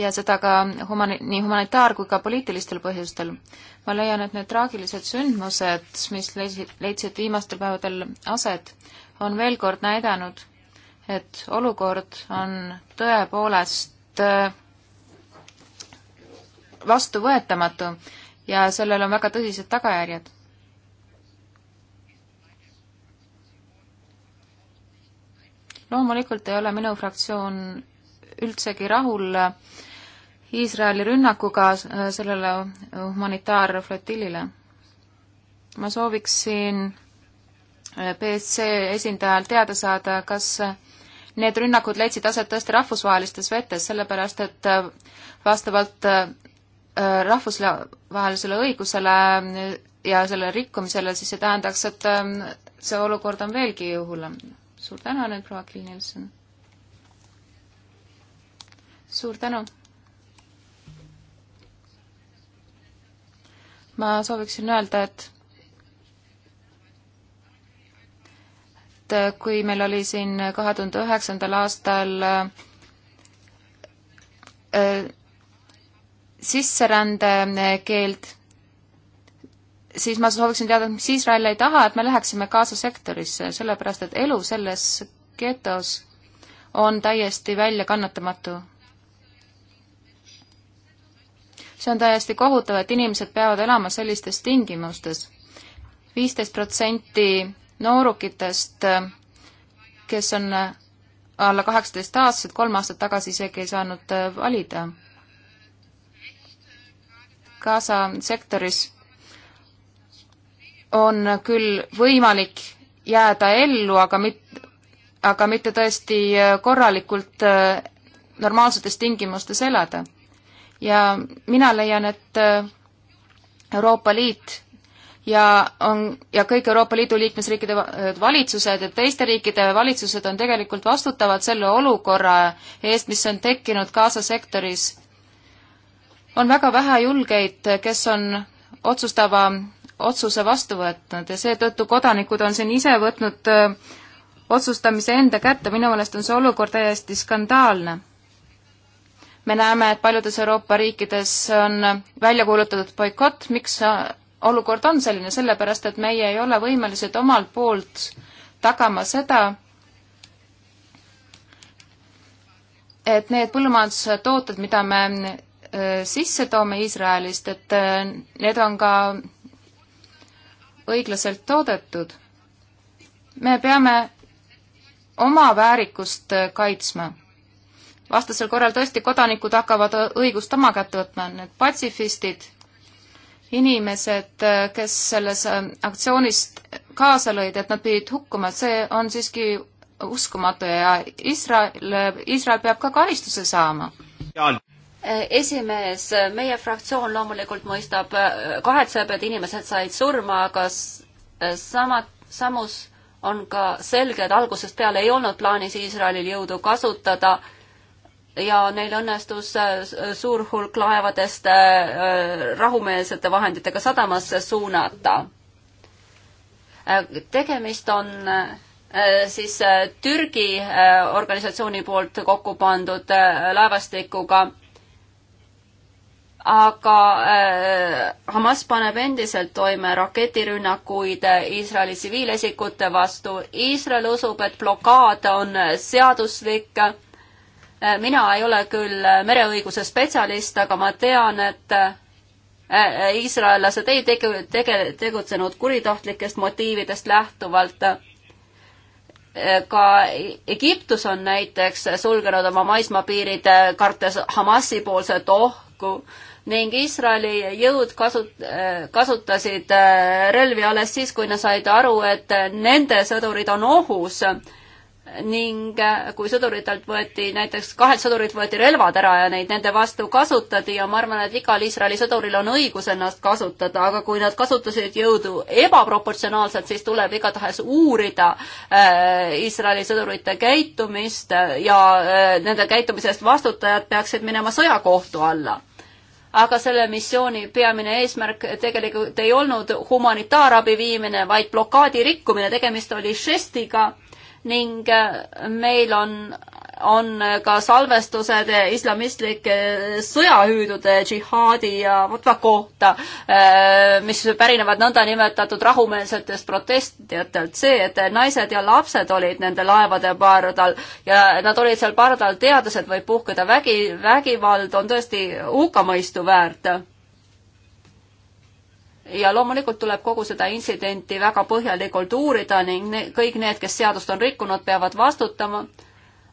ja seda ka humani-, nii humanitaar- kui ka poliitilistel põhjustel. ma leian, et need traagilised sündmused, mis leidsid, leidsid viimastel päevadel aset, on veel kord näidanud, et olukord on tõepoolest äh, vastuvõetamatu ja sellel on väga tõsised tagajärjed loomulikult ei ole minu fraktsioon üldsegi rahul Iisraeli rünnakuga sellele humanitaarflotillile. ma sooviksin BSC esindajalt teada saada, kas need rünnakud leidsid aset tõesti rahvusvahelistes vetes, sellepärast et vastavalt äh, rahvusvahelisele õigusele ja selle rikkumisele, siis see tähendaks, et ähm, see olukord on veelgi hullem suur tänu nüüd, proua Kill Nilsson. suur tänu. ma sooviksin öelda, et et kui meil oli siin kahe tuhande üheksandal aastal äh, sisserände keeld, siis ma sooviksin teada, miks Iisrael ei taha, et me läheksime Gaza sektorisse, sellepärast et elu selles getos on täiesti väljakannatamatu. see on täiesti kohutav, et inimesed peavad elama sellistes tingimustes. viisteist protsenti noorukitest, kes on alla kaheksateist aastased, kolm aastat tagasi isegi ei saanud valida. Gaza sektoris on küll võimalik jääda ellu, aga mit-, aga mitte tõesti äh, korralikult äh, normaalsetes tingimustes elada. ja mina leian, et äh, Euroopa Liit ja on, ja kõik Euroopa Liidu liikmesriikide valitsused ja teiste riikide valitsused on tegelikult vastutavad selle olukorra eest, mis on tekkinud Gaza sektoris. on väga vähe julgeid, kes on otsustava otsuse vastu võtnud ja seetõttu kodanikud on siin ise võtnud öö, äh, otsustamise enda kätte, minu meelest on see olukord täiesti skandaalne. me näeme, et paljudes Euroopa riikides on välja kuulutatud boikott, miks olukord on selline, sellepärast et meie ei ole võimelised omalt poolt tagama seda, et need põllumajandustooted, mida me äh, sisse toome Iisraelist, et äh, need on ka õiglaselt toodetud, me peame oma väärikust äh, kaitsma. vastasel korral tõesti kodanikud hakkavad õigust oma kätte võtma, need patsifistid, inimesed, äh, kes selles äh, aktsioonis kaasa lõid, et nad pidid hukkuma, see on siiski uskumatu ja Iisrael, Iisrael peab ka karistuse saama esimees, meie fraktsioon loomulikult mõistab, kahetseb, et inimesed said surma, aga sama, samus on ka selge, et algusest peale ei olnud plaanis Iisraelil jõudu kasutada ja neil õnnestus äh, suur hulk laevadest äh, rahumeelsete vahenditega sadamasse suunata. Äh, tegemist on siis Türgi organisatsiooni poolt kokku pandud laevastikuga aga äh, Hamas paneb endiselt toime raketirünnakuid äh, Iisraeli tsiviilisikute vastu. Iisrael usub, et blokaad on seaduslik. Äh, mina ei ole küll mereõiguse spetsialist, aga ma tean, et iisraellased ei tege-, tege-, tegutsenud kuritahtlikest motiividest lähtuvalt. ka Egiptus on näiteks sulgenud oma maismaapiirid, kartes Hamasi poolset ohku ning Iisraeli jõud kasut-, äh, kasutasid äh, relvi alles siis, kui nad said aru, et nende sõdurid on ohus ning äh, kui sõduritelt võeti, näiteks kahelt sõdurilt võeti relvad ära ja neid nende vastu kasutati ja ma arvan, et igal Iisraeli sõduril on õigus ennast kasutada, aga kui nad kasutasid jõudu ebaproportsionaalselt, siis tuleb igatahes uurida Iisraeli äh, sõdurite käitumist ja äh, nende käitumise eest vastutajad peaksid minema sõjakohtu alla aga selle missiooni peamine eesmärk tegelikult ei olnud humanitaarabi viimine, vaid blokaadi rikkumine, tegemist oli žestiga ning äh, meil on on ka salvestused islamistlike eh, sõjahüüdude džihaadi ja vatva kohta, eh, mis pärinevad nõndanimetatud rahumeelsetest protestijatelt. see, et naised ja lapsed olid nende laevade pardal ja nad olid seal pardal teades, et võib puhkeda vägi, vägivald, on tõesti hukkamõistu väärt ja loomulikult tuleb kogu seda intsidenti väga põhjalikult uurida ning ne kõik need, kes seadust on rikkunud, peavad vastutama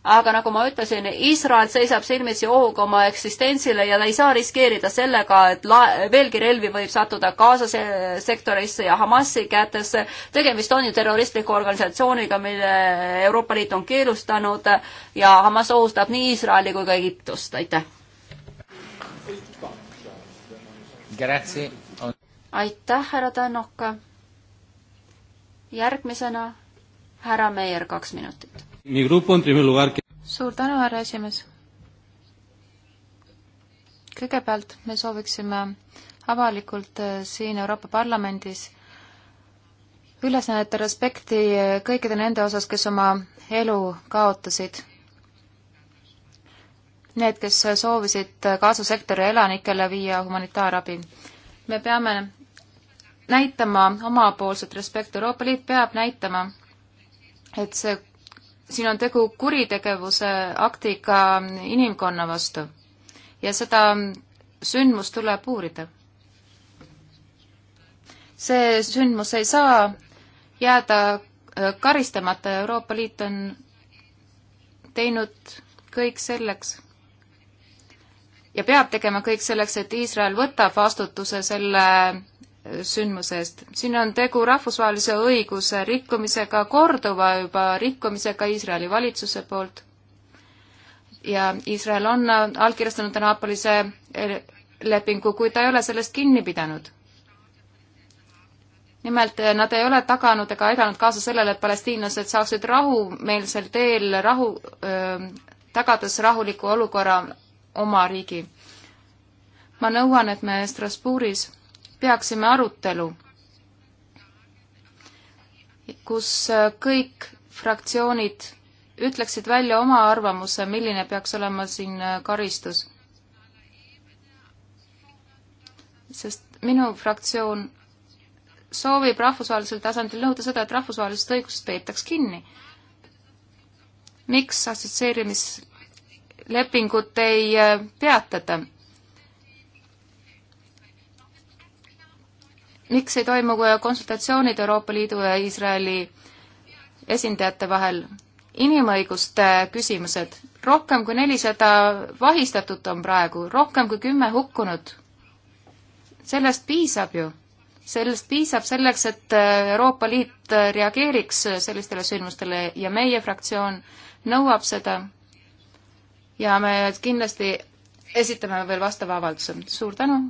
aga nagu ma ütlesin, Iisrael seisab silmitsi ohuga oma eksistentsile ja ta ei saa riskeerida sellega, et la-, veelgi relvi võib sattuda Gaza sektorisse ja Hamasi kätesse. tegemist on ju terroristliku organisatsiooniga, mille Euroopa Liit on keelustanud ja Hamas ohustab nii Iisraeli kui ka Egiptust, aitäh. aitäh, härra Tänok. järgmisena härra Meier, kaks minutit suur tänu, härra esimees. kõigepealt me sooviksime avalikult äh, siin Euroopa Parlamendis üles näidata respekti kõikide nende osas, kes oma elu kaotasid. Need, kes soovisid kaasasektori elanikele viia humanitaarabi. me peame näitama omapoolset respekti, Euroopa Liit peab näitama, et see siin on tegu kuritegevuse aktiga inimkonna vastu ja seda sündmust tuleb uurida. see sündmus ei saa jääda äh, karistamata ja Euroopa Liit on teinud kõik selleks ja peab tegema kõik selleks, et Iisrael võtab vastutuse selle sündmuse eest. siin on tegu rahvusvahelise õiguse rikkumisega, korduva juba rikkumisega Iisraeli valitsuse poolt. ja Iisrael on allkirjastanud Annapolise lepingu, kuid ta ei ole sellest kinni pidanud. nimelt nad ei ole taganud ega aidanud kaasa sellele, et palestiinlased saaksid rahumeelsel teel rahu, tagades rahuliku olukorra oma riigi. ma nõuan, et me Strasbourgis peaksime arutelu, kus äh, kõik fraktsioonid ütleksid välja oma arvamuse, milline peaks olema siin äh, karistus. sest minu fraktsioon soovib rahvusvahelisel tasandil nõuda seda, et rahvusvahelisest õigusest peetaks kinni. miks assotsieerimislepingut ei äh, peatata? miks ei toimu konsultatsioonid Euroopa Liidu ja Iisraeli esindajate vahel? inimõiguste küsimused, rohkem kui nelisada vahistatut on praegu, rohkem kui kümme hukkunud. sellest piisab ju. sellest piisab selleks, et Euroopa Liit reageeriks sellistele sündmustele ja meie fraktsioon nõuab seda. ja me kindlasti esitame veel vastava avalduse. suur tänu!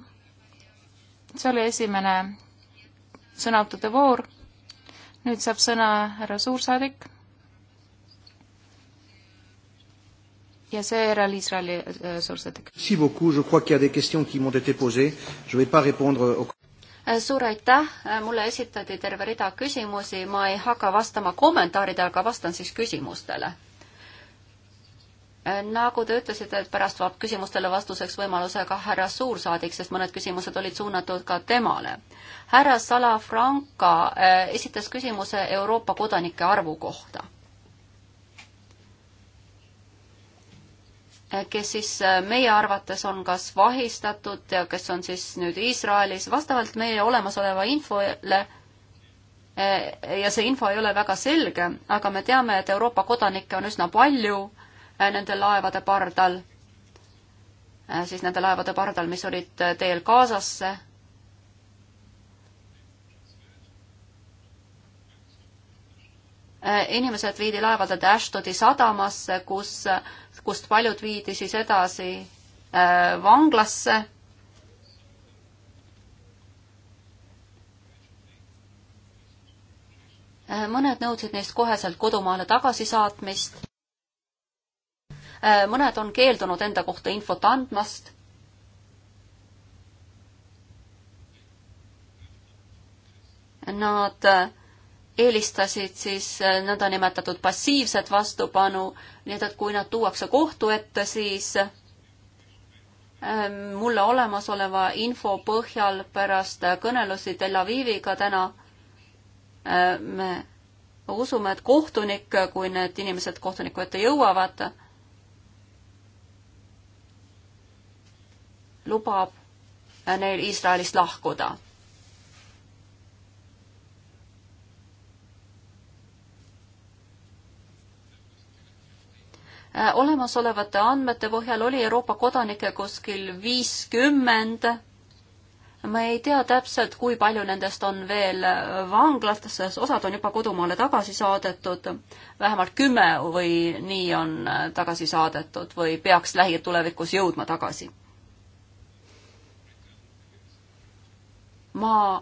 see oli esimene sõnavõttude voor. nüüd saab sõna härra suursaadik. ja seejärel Iisraeli äh, suursaadik. Äh, suur aitäh, äh, mulle esitati terve rida küsimusi, ma ei hakka vastama kommentaaride, aga vastan siis küsimustele nagu te ütlesite, et pärast saab küsimustele vastuseks võimaluse ka härra suursaadik, sest mõned küsimused olid suunatud ka temale. härra Salafranca eh, esitas küsimuse Euroopa kodanike arvu kohta. Eh, kes siis eh, meie arvates on kas vahistatud ja kes on siis nüüd Iisraelis, vastavalt meie olemasoleva infole ja see info ei ole väga selge, aga me teame, et Euroopa kodanikke on üsna palju Äh, nende laevade pardal, äh, siis nende laevade pardal, mis olid äh, teel Gazasse. inimesed viidi laevadelt Ashtodi sadamasse, kus, kust paljud viidi siis edasi vanglasse mõned nõudsid neist koheselt kodumaale tagasisaatmist. Äh, mõned on keeldunud enda kohta infot andmast. Nad äh, eelistasid siis äh, nõndanimetatud passiivset vastupanu, nii et, et kui nad tuuakse kohtu ette, siis mulle olemasoleva info põhjal pärast kõnelusi Tel Aviviga täna me usume, et kohtunik, kui need inimesed kohtuniku ette jõuavad, lubab neil Iisraelist lahkuda. olemasolevate andmete põhjal oli Euroopa kodanikke kuskil viiskümmend ma ei tea täpselt, kui palju nendest on veel vanglates, osad on juba kodumaale tagasi saadetud, vähemalt kümme või nii on tagasi saadetud või peaks lähitulevikus jõudma tagasi. ma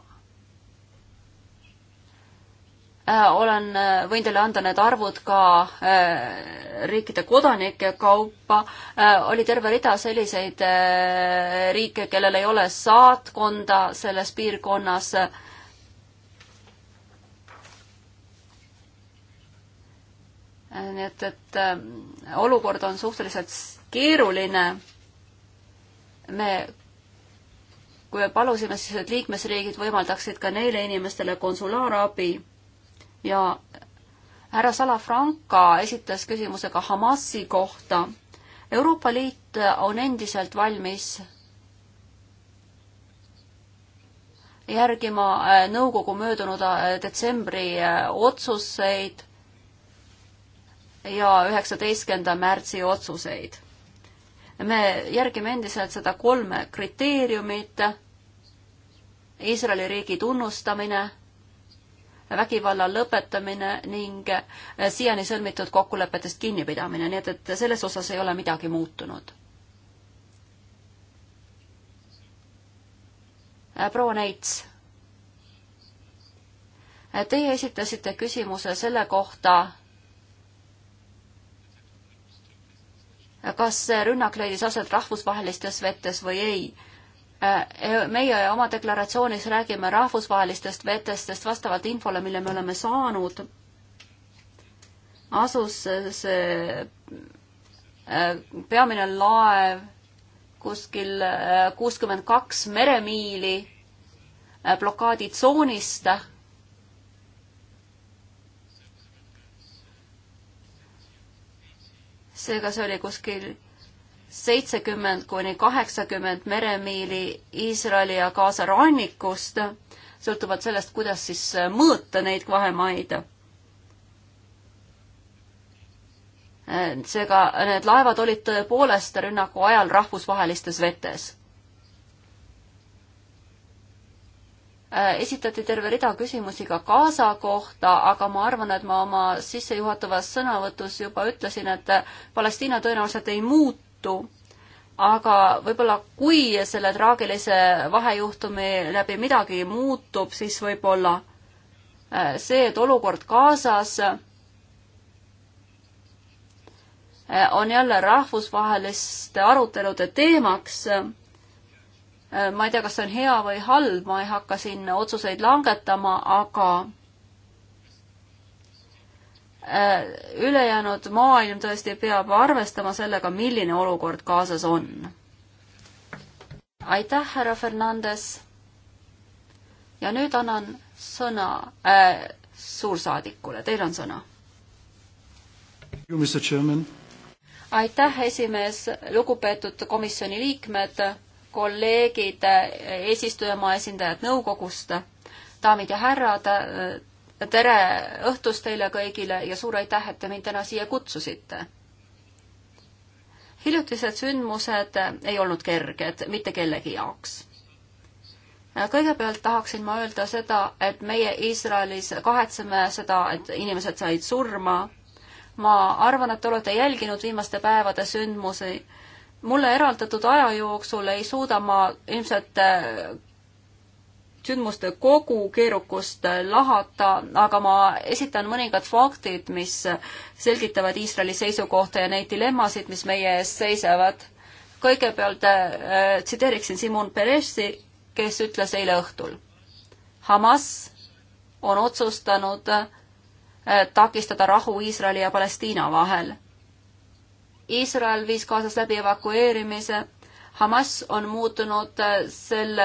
äh, olen, äh, võin teile anda need arvud ka äh, riikide kodanike kaupa, oli terve rida selliseid riike, kellel ei ole saatkonda selles piirkonnas. nii et, et olukord on suhteliselt keeruline. me kui me palusime siis, et liikmesriigid võimaldaksid ka neile inimestele konsulaarabi ja härra Salafranca esitas küsimuse ka Hamasi kohta. Euroopa Liit on endiselt valmis järgima äh, nõukogu möödunud äh, detsembri äh, otsuseid ja üheksateistkümnenda märtsi otsuseid me järgime endiselt seda kolme kriteeriumit. Iisraeli riigi tunnustamine, vägivalla lõpetamine ning eh, siiani sõlmitud kokkulepetest kinnipidamine, nii et, et selles osas ei ole midagi muutunud. Eh, proua Neits. Eh, teie esitasite küsimuse selle kohta, kas rünnak leidis aset rahvusvahelistes vetes või ei. Äh, meie oma deklaratsioonis räägime rahvusvahelistest vetest, sest vastavalt infole, mille me oleme saanud, asus see äh, peamine laev kuskil äh, kuuskümmend kaks meremiili blokaaditsoonist seega see oli kuskil seitsekümmend kuni kaheksakümmend meremiili Iisraeli ja Gaza rannikust, sõltuvalt sellest, kuidas siis mõõta neid vahemaid. seega need laevad olid tõepoolest rünnaku ajal rahvusvahelistes vetes Äh, esitati terve rida küsimusi ka Gaza kohta, aga ma arvan, et ma oma sissejuhatavas sõnavõtus juba ütlesin, et äh, Palestiina tõenäoliselt ei muutu, aga võib-olla kui selle traagilise vahejuhtumi läbi midagi muutub, siis võib-olla äh, see, et olukord Gazas on jälle rahvusvaheliste arutelude teemaks Äh, ma ei tea, kas see on hea või halb, ma ei hakka siin otsuseid langetama, aga äh, ülejäänud maailm tõesti peab arvestama sellega, milline olukord kaasas on. aitäh, härra Fernandes. ja nüüd annan sõna äh, suursaadikule, teil on sõna. aitäh, esimees, lugupeetud komisjoni liikmed kolleegid, eesistujamaa esindajad nõukogust, daamid ja härrad, tere õhtust teile kõigile ja suur aitäh, et te mind täna siia kutsusite. hiljutised sündmused ei olnud kerged mitte kellegi jaoks kõigepealt tahaksin ma öelda seda, et meie Iisraelis kahetseme seda, et inimesed said surma. ma arvan, et te olete jälginud viimaste päevade sündmusi mulle eraldatud aja jooksul ei suuda ma ilmselt äh, sündmuste kogu keerukust äh, lahata, aga ma esitan mõningad faktid, mis selgitavad Iisraeli seisukohta ja neid dilemmasid, mis meie ees seisavad. kõigepealt äh, tsiteeriksin Simon Peresi, kes ütles eile õhtul. Hamas on otsustanud äh, takistada rahu Iisraeli ja Palestiina vahel Iisrael viis kaasas läbi evakueerimise. Hamas on muutunud äh, selle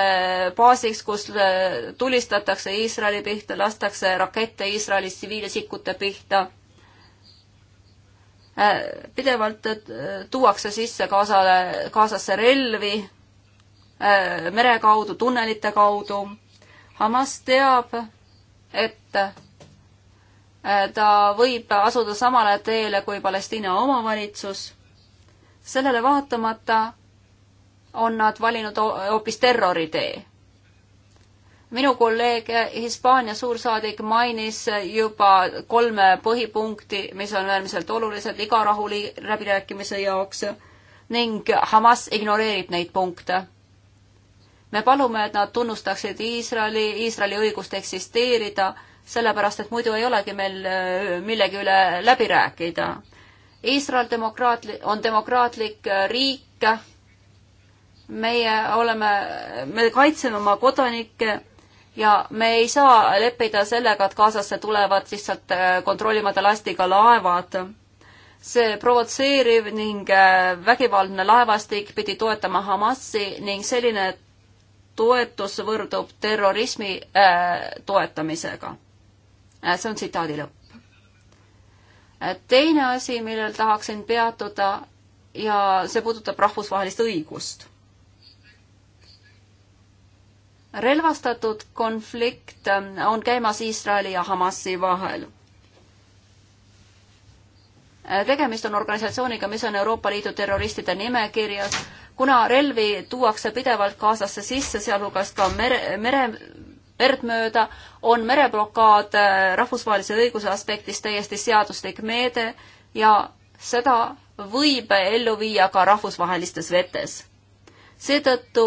baasiks, kus äh, tulistatakse Iisraeli pihta, lastakse rakette Iisraeli tsiviilisikute pihta. Äh, pidevalt tuuakse sisse kaasale, kaasasse relvi mere kaudu, tunnelite kaudu. Hamas teab, et ta võib asuda samale teele kui Palestiina omavalitsus sellele vaatamata on nad valinud hoopis terroritee. minu kolleeg Hispaania suursaadik mainis juba kolme põhipunkti, mis on äärmiselt olulised iga rahu läbirääkimise jaoks ning Hamas ignoreerib neid punkte. me palume, et nad tunnustaksid Iisraeli, Iisraeli õigust eksisteerida, sellepärast et muidu ei olegi meil äh, millegi üle läbi rääkida Iisrael demokraatli-, on demokraatlik äh, riik, meie oleme, me kaitseme oma kodanikke ja me ei saa leppida sellega, et Gazasse tulevad lihtsalt äh, kontrollimata lastiga laevad. see provotseeriv ning äh, vägivaldne laevastik pidi toetama Hamasi ning selline toetus võrdub terrorismi äh, toetamisega. see on tsitaadi lõpp teine asi, millel tahaksin peatuda ja see puudutab rahvusvahelist õigust. relvastatud konflikt ähm, on käimas Iisraeli ja Hamasi vahel. Äh, tegemist on organisatsiooniga, mis on Euroopa Liidu terroristide nimekirjas kuna relvi tuuakse pidevalt Gazasse sisse, sealhulgas ka mere, mere, verd mööda, on mereblokaad äh, rahvusvahelise õiguse aspektist täiesti seaduslik meede ja seda võib ellu viia ka rahvusvahelistes vetes. seetõttu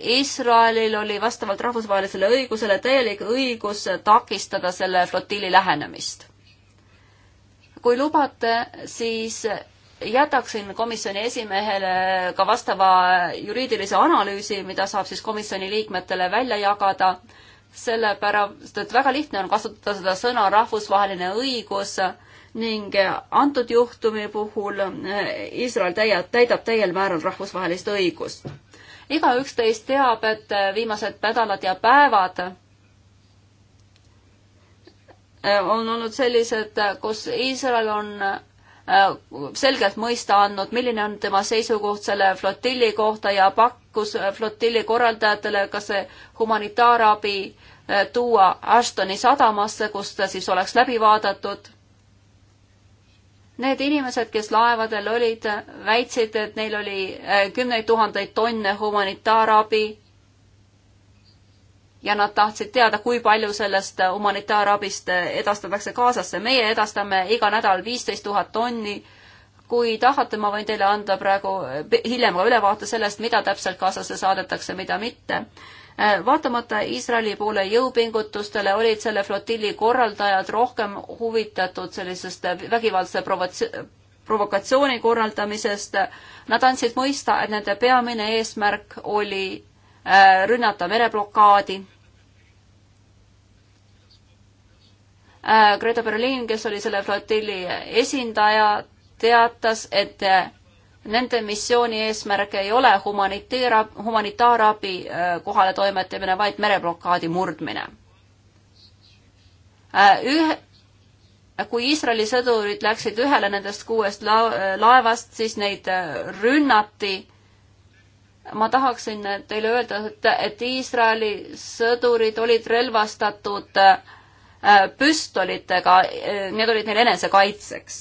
Iisraelil oli vastavalt rahvusvahelisele õigusele täielik õigus takistada selle flotiili lähenemist. kui lubate, siis jätaksin komisjoni esimehele ka vastava juriidilise analüüsi, mida saab siis komisjoni liikmetele välja jagada sellepärast, et väga lihtne on kasutada seda sõna rahvusvaheline õigus ning antud juhtumi puhul eh, Iisrael täia-, täidab täiel määral rahvusvahelist õigust. igaüks teist teab, et eh, viimased nädalad ja päevad eh, on olnud sellised, kus Iisrael on Äh, selgelt mõista andnud, milline on tema seisukoht selle flotilli kohta ja pakkus flotilli korraldajatele ka see humanitaarabi äh, tuua Ashtoni sadamasse, kus ta siis oleks läbi vaadatud. Need inimesed, kes laevadel olid, väitsid, et neil oli äh, kümneid tuhandeid tonne humanitaarabi ja nad tahtsid teada, kui palju sellest humanitaarabist edastatakse Gazasse. meie edastame iga nädal viisteist tuhat tonni. kui tahate, ma võin teile anda praegu hiljem ka ülevaate sellest, mida täpselt Gazasse saadetakse, mida mitte. vaatamata Iisraeli poole jõupingutustele olid selle flotilli korraldajad rohkem huvitatud sellisest vägivaldse provotsi-, provokatsiooni korraldamisest. Nad andsid mõista, et nende peamine eesmärk oli äh, rünnata mereblokaadi. Äh, Greta Berliin, kes oli selle flotilli esindaja, teatas, et äh, nende missiooni eesmärk ei ole humaniteera-, humanitaarabi äh, kohaletoimetamine, vaid mereblokaadi murdmine. ühe, kui Iisraeli sõdurid läksid ühele nendest kuuest la-, laevast, siis neid rünnati ma tahaksin teile öelda, et, et Iisraeli sõdurid olid relvastatud äh, Äh, püstolitega, äh, need olid neil enesekaitseks.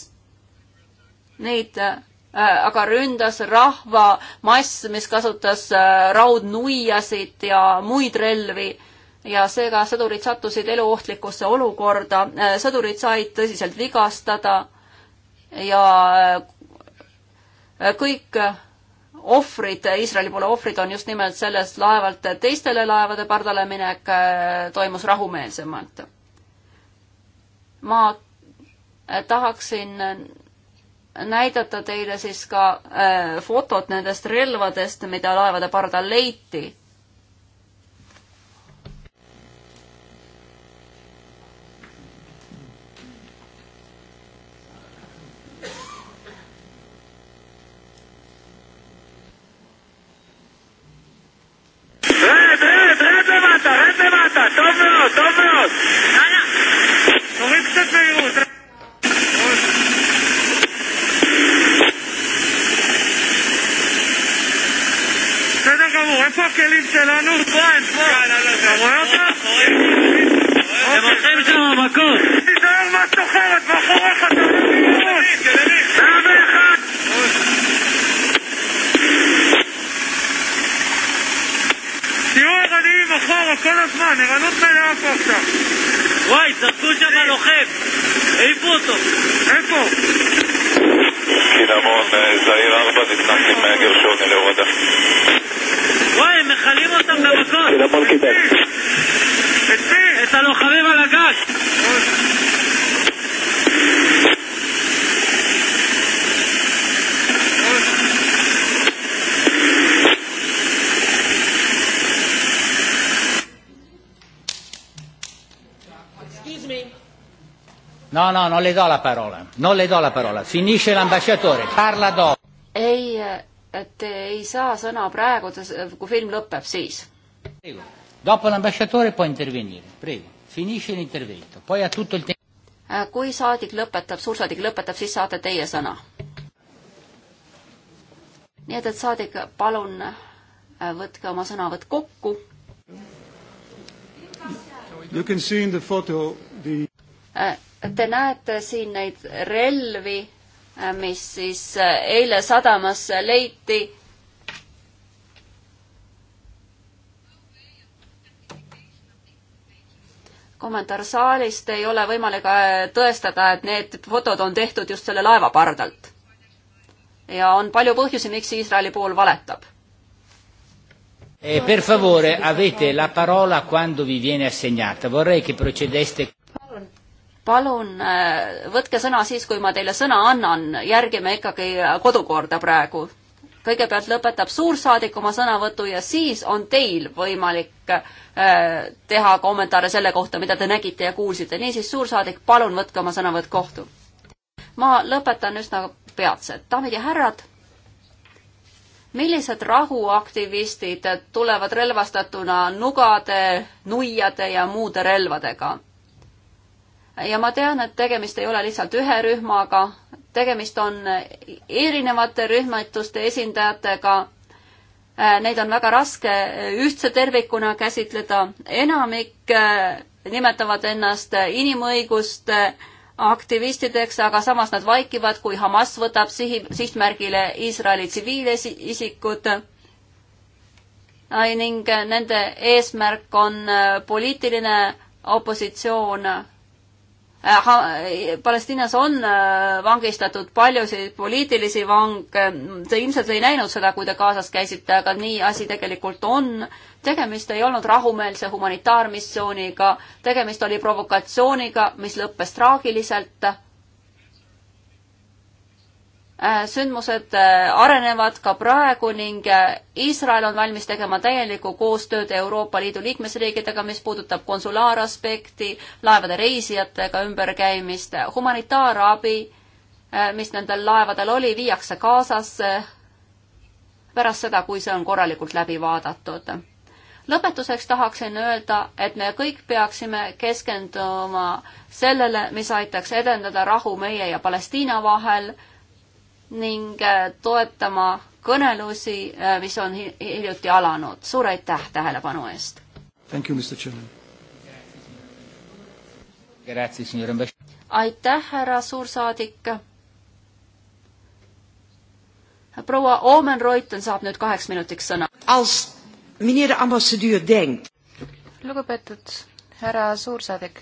Neid äh, aga ründas rahvamass, mis kasutas raudnuiasid ja muid relvi ja seega sõdurid sattusid eluohtlikusse olukorda, sõdurid said tõsiselt vigastada ja kõik ohvrid, Iisraeli poole ohvrid on just nimelt sellest laevalt teistele laevade pardale minek toimus rahumeelsemalt ma tahaksin näidata teile siis ka äh, fotot nendest relvadest, mida laevade pardal leiti. Red, red, red, levanta, red, levanta, tome, tome. כלים שלנו? Eh, פריים, פריים. הם הולכים שם מכות. תיזהר מה את סוחרת, מאחוריך אתה הולך לראות. מאה ואחד. תהיו ערניים אחורה כל הזמן, ערנות מלאה פה עכשיו. וואי, זרקו שם לוחם. העיפו אותו. איפה? קינמון, זעיר 4, נכנס עם גרשוני להורדה. וואי, הם מכלים אותם במכות! זה המון קיבל. את הלוחמים על הגג! No, no, non le do la parola, non le do la parola. Finisce l'ambasciatore, parla dopo. Ei eh, et te ei saa sõna praegu, kui film lõpeb, siis. Äh, kui saadik lõpetab, suursaadik lõpetab, siis saate teie sõna. nii et, et saadik, palun äh, võtke oma sõnavõtt kokku. You can see in the photo the äh, Te näete siin neid relvi mis siis äh, eile sadamasse leiti. kommentaar saalist ei ole võimalik äh, tõestada, et need fotod on tehtud just selle laeva pardalt. ja on palju põhjusi, miks Iisraeli pool valetab Eh, per favore, avete la parola quando vi viene assegnata. Vorrei che procedeste palun äh, võtke sõna siis, kui ma teile sõna annan, järgime ikkagi äh, kodukorda praegu. kõigepealt lõpetab suursaadik oma sõnavõtu ja siis on teil võimalik äh, teha kommentaare selle kohta, mida te nägite ja kuulsite. niisiis, suursaadik, palun võtke oma sõnavõtt kohtu. ma lõpetan üsna peatselt. daamid ja härrad, millised rahuaktivistid tulevad relvastatuna nugade, nuiade ja muude relvadega? ja ma tean, et tegemist ei ole lihtsalt ühe rühmaga, tegemist on erinevate rühmatuste esindajatega. Äh, neid on väga raske äh, ühtse tervikuna käsitleda, enamik äh, nimetavad ennast inimõiguste aktivistideks, aga samas nad vaikivad, kui Hamas võtab sihi, sihtmärgile Iisraeli tsiviilisikud ning nende eesmärk on poliitiline opositsioon Äh, äh, Palestiinas on äh, vangistatud paljusid poliitilisi vange, te ilmselt ei näinud seda, kui te kaasas käisite, aga nii asi tegelikult on. tegemist ei olnud rahumeelse humanitaarmissiooniga, tegemist oli provokatsiooniga, mis lõppes traagiliselt Äh, sündmused äh, arenevad ka praegu ning äh, Iisrael on valmis tegema täielikku koostööd Euroopa Liidu liikmesriikidega, mis puudutab konsulaaraspekti, laevade reisijatega ümberkäimist, humanitaarabi, mis nendel laevadel oli, viiakse Gazasse pärast seda, kui see on korralikult läbi vaadatud. lõpetuseks tahaksin öelda, et me kõik peaksime keskenduma sellele, mis aitaks edendada rahu meie ja Palestiina vahel ning äh, toetama kõnelusi, äh, mis on hiljuti alanud. suur aitäh tähelepanu eest! aitäh, härra suursaadik! proua Oomen Reuten saab nüüd kaheks minutiks sõna. lugupeetud härra suursaadik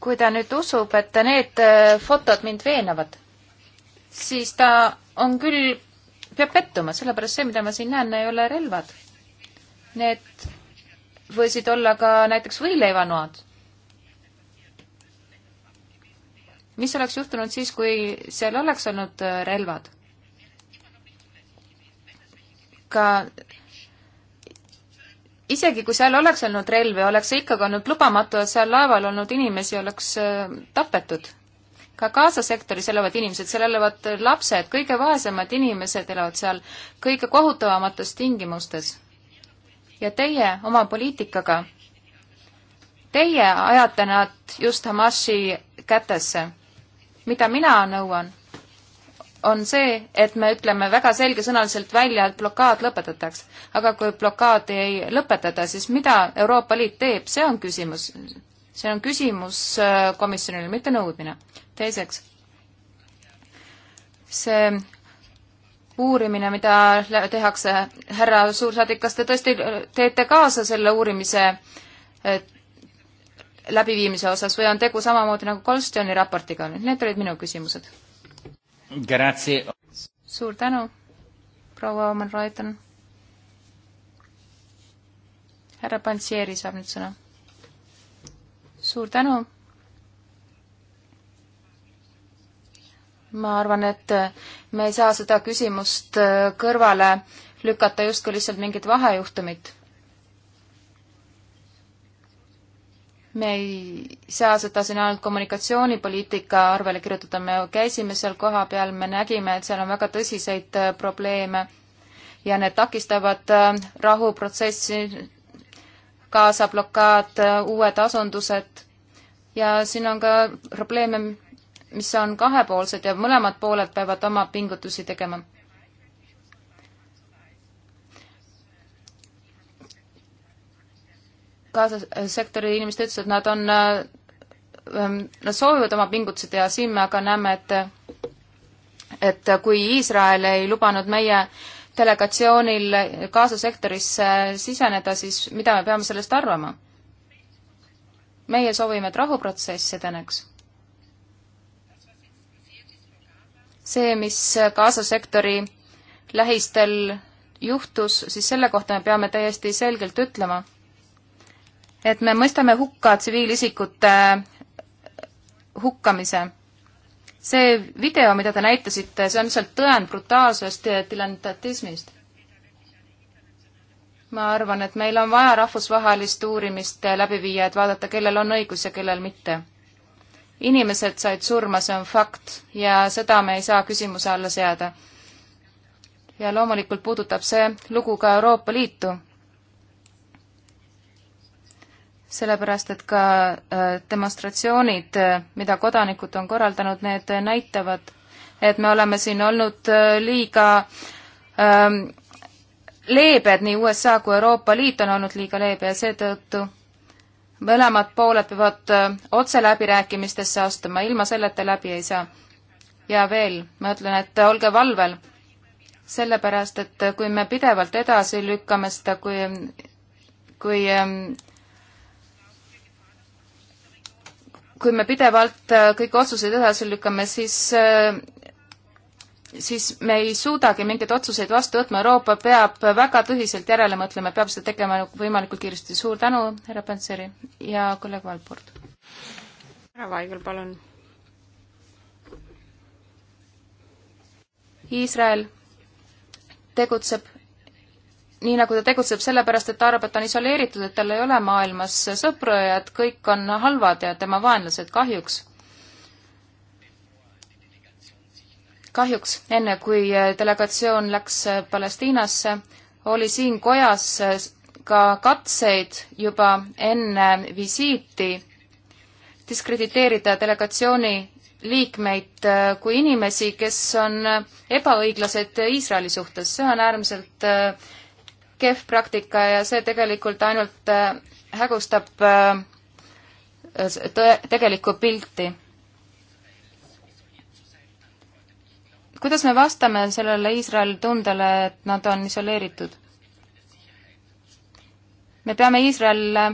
kui ta nüüd usub, et need äh, fotod mind veenavad, siis ta on küll, peab pettuma, sellepärast see, mida ma siin näen, ei ole relvad. Need võisid olla ka näiteks võileivanoad. mis oleks juhtunud siis, kui seal oleks olnud äh, relvad? ka isegi kui seal oleks olnud relvi, oleks see ikkagi olnud lubamatu, et seal laeval olnud inimesi oleks äh, tapetud. ka Gaza sektoris elavad inimesed, seal elavad lapsed, kõige vaesemad inimesed elavad seal kõige kohutavamates tingimustes. ja teie oma poliitikaga, teie ajate nad just Hamasi kätesse. mida mina nõuan, on see, et me ütleme väga selgesõnaliselt välja, et blokaad lõpetatakse. aga kui blokaadi ei lõpetata, siis mida Euroopa Liit teeb, see on küsimus. see on küsimus äh, komisjonile, mitte nõudmine. teiseks, see uurimine, mida tehakse, härra suursaadik, kas te tõesti äh, teete kaasa selle uurimise äh, läbiviimise osas või on tegu samamoodi nagu Kolstjoni raportiga? Need olid minu küsimused suur tänu, proua Oman Roetan. härra Pantsieri saab nüüd sõna. suur tänu. ma arvan, et me ei saa seda küsimust kõrvale lükata justkui lihtsalt mingit vahejuhtumit me ei saa seda siin ainult kommunikatsioonipoliitika arvele kirjutada, me käisime seal kohapeal, me nägime, et seal on väga tõsiseid äh, probleeme ja need takistavad äh, rahuprotsessi, kaasa blokaad, äh, uued asundused ja siin on ka probleeme, mis on kahepoolsed ja mõlemad pooled peavad oma pingutusi tegema kaassektori inimesed ütlesid, et nad on, ähm, nad soovivad oma pingutused ja siin me aga näeme, et et kui Iisrael ei lubanud meie delegatsioonil Gaza sektorisse siseneda, siis mida me peame sellest arvama? meie soovime, et rahuprotsess edeneks. see, mis Gaza sektori lähistel juhtus, siis selle kohta me peame täiesti selgelt ütlema et me mõistame hukka tsiviilisikute äh, hukkamise. see video, mida te näitasite, see on lihtsalt tõend brutaalsest dilettantismist. ma arvan, et meil on vaja rahvusvahelist uurimist läbi viia, et vaadata, kellel on õigus ja kellel mitte. inimesed said surma, see on fakt ja seda me ei saa küsimuse alla seada. ja loomulikult puudutab see lugu ka Euroopa Liitu sellepärast et ka äh, demonstratsioonid, äh, mida kodanikud on korraldanud, need äh, näitavad, et me oleme siin olnud liiga ähm, leebed, nii USA kui Euroopa Liit on olnud liiga leebe ja seetõttu mõlemad pooled peavad otse läbirääkimistesse astuma, ilma selleta läbi ei saa. ja veel, ma ütlen, et olge valvel, sellepärast et kui me pidevalt edasi lükkame seda, kui kui ähm, kui me pidevalt äh, kõiki otsuseid edasi lükkame, siis äh, siis me ei suudagi mingeid otsuseid vastu võtma, Euroopa peab väga tõsiselt järele mõtlema, peab seda tegema võimalikult kiiresti. suur tänu, härra Pantseri ja kolleeg Valpurt. härra Vaigel, palun. Iisrael tegutseb nii nagu ta tegutseb sellepärast, et ta arvab, et ta on isoleeritud, et tal ei ole maailmas sõpru ja et kõik on halvad ja tema vaenlased kahjuks. kahjuks, enne kui äh, delegatsioon läks äh, Palestiinasse, oli siin kojas äh, ka katseid juba enne visiiti diskrediteerida delegatsiooni liikmeid kui inimesi, kes on ebaõiglased Iisraeli suhtes, see on äärmiselt äh, kehv praktika ja see tegelikult ainult äh, hägustab äh, tõe, tegelikku pilti. kuidas me vastame sellele Iisraeli tundele, et nad on isoleeritud? me peame Iisraelile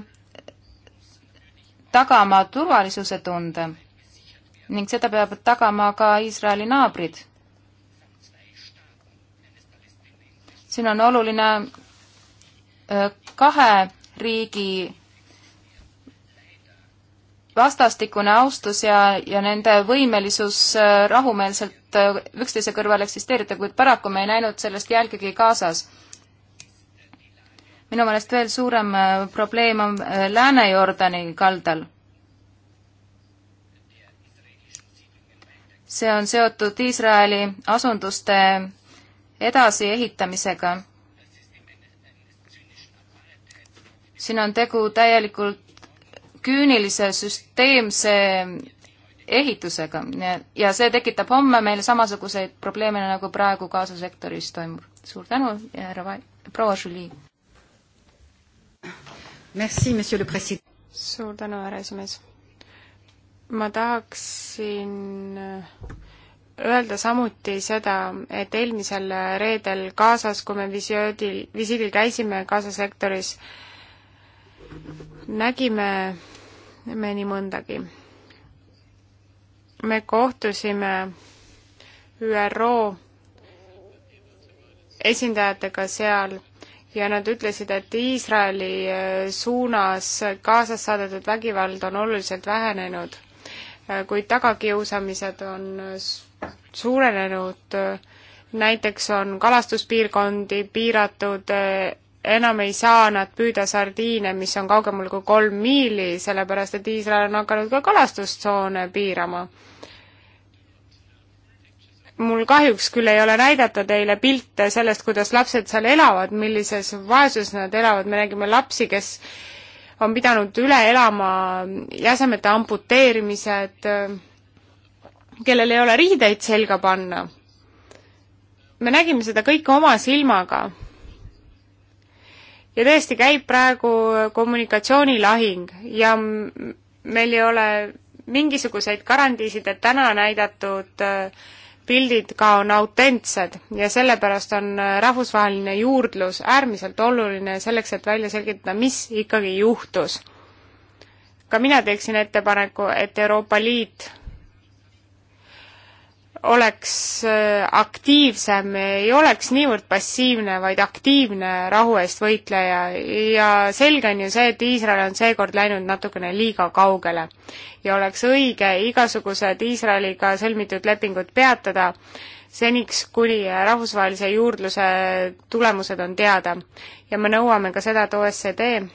tagama turvalisuse tunde ning seda peavad tagama ka Iisraeli naabrid siin on oluline kahe riigi vastastikune austus ja, ja nende võimelisus rahumeelselt üksteise kõrval eksisteerida, kuid paraku me ei näinud sellest jälgegi kaasas. minu meelest veel suurem probleem on Lääne-Jordani kaldal. see on seotud Iisraeli asunduste edasiehitamisega siin on tegu täielikult küünilise süsteemse ehitusega ja see tekitab homme meil samasuguseid probleeme, nagu praegu gaasasektoris toimub. suur tänu ja härra proua Julie. Merci, monsieur le president. suur tänu, härra esimees. ma tahaksin äh, öelda samuti seda, et eelmisel reedel Gazas, kui me visiidil, visiidil käisime Gaza sektoris, nägime me nii mõndagi. me kohtusime ÜRO esindajatega seal ja nad ütlesid, et Iisraeli äh, suunas kaasas saadetud vägivald on oluliselt vähenenud, äh, kuid tagakiusamised on äh, suurenenud, näiteks on kalastuspiirkondi piiratud enam ei saa nad püüda sardiine, mis on kaugemal kui kolm miili, sellepärast et Iisrael on hakanud ka kalastustsoone piirama. mul kahjuks küll ei ole näidata teile pilte sellest, kuidas lapsed seal elavad, millises vaesuses nad elavad, me nägime lapsi, kes on pidanud üle elama jäsemete amputeerimised, kellel ei ole riideid selga panna. me nägime seda kõike oma silmaga ja tõesti käib praegu kommunikatsioonilahing ja meil ei ole mingisuguseid garantiisid, et täna näidatud äh, pildid ka on autentsed ja sellepärast on äh, rahvusvaheline juurdlus äärmiselt oluline selleks, et välja selgitada, mis ikkagi juhtus. ka mina teeksin ettepaneku, et Euroopa Liit oleks äh, aktiivsem, ei oleks niivõrd passiivne, vaid aktiivne rahu eest võitleja ja selge on ju see, et Iisrael on seekord läinud natukene liiga kaugele. ja oleks õige igasugused Iisraeliga sõlmitud lepingud peatada seniks, kuni rahvusvahelise juurdluse tulemused on teada. ja me nõuame ka seda, et OSCD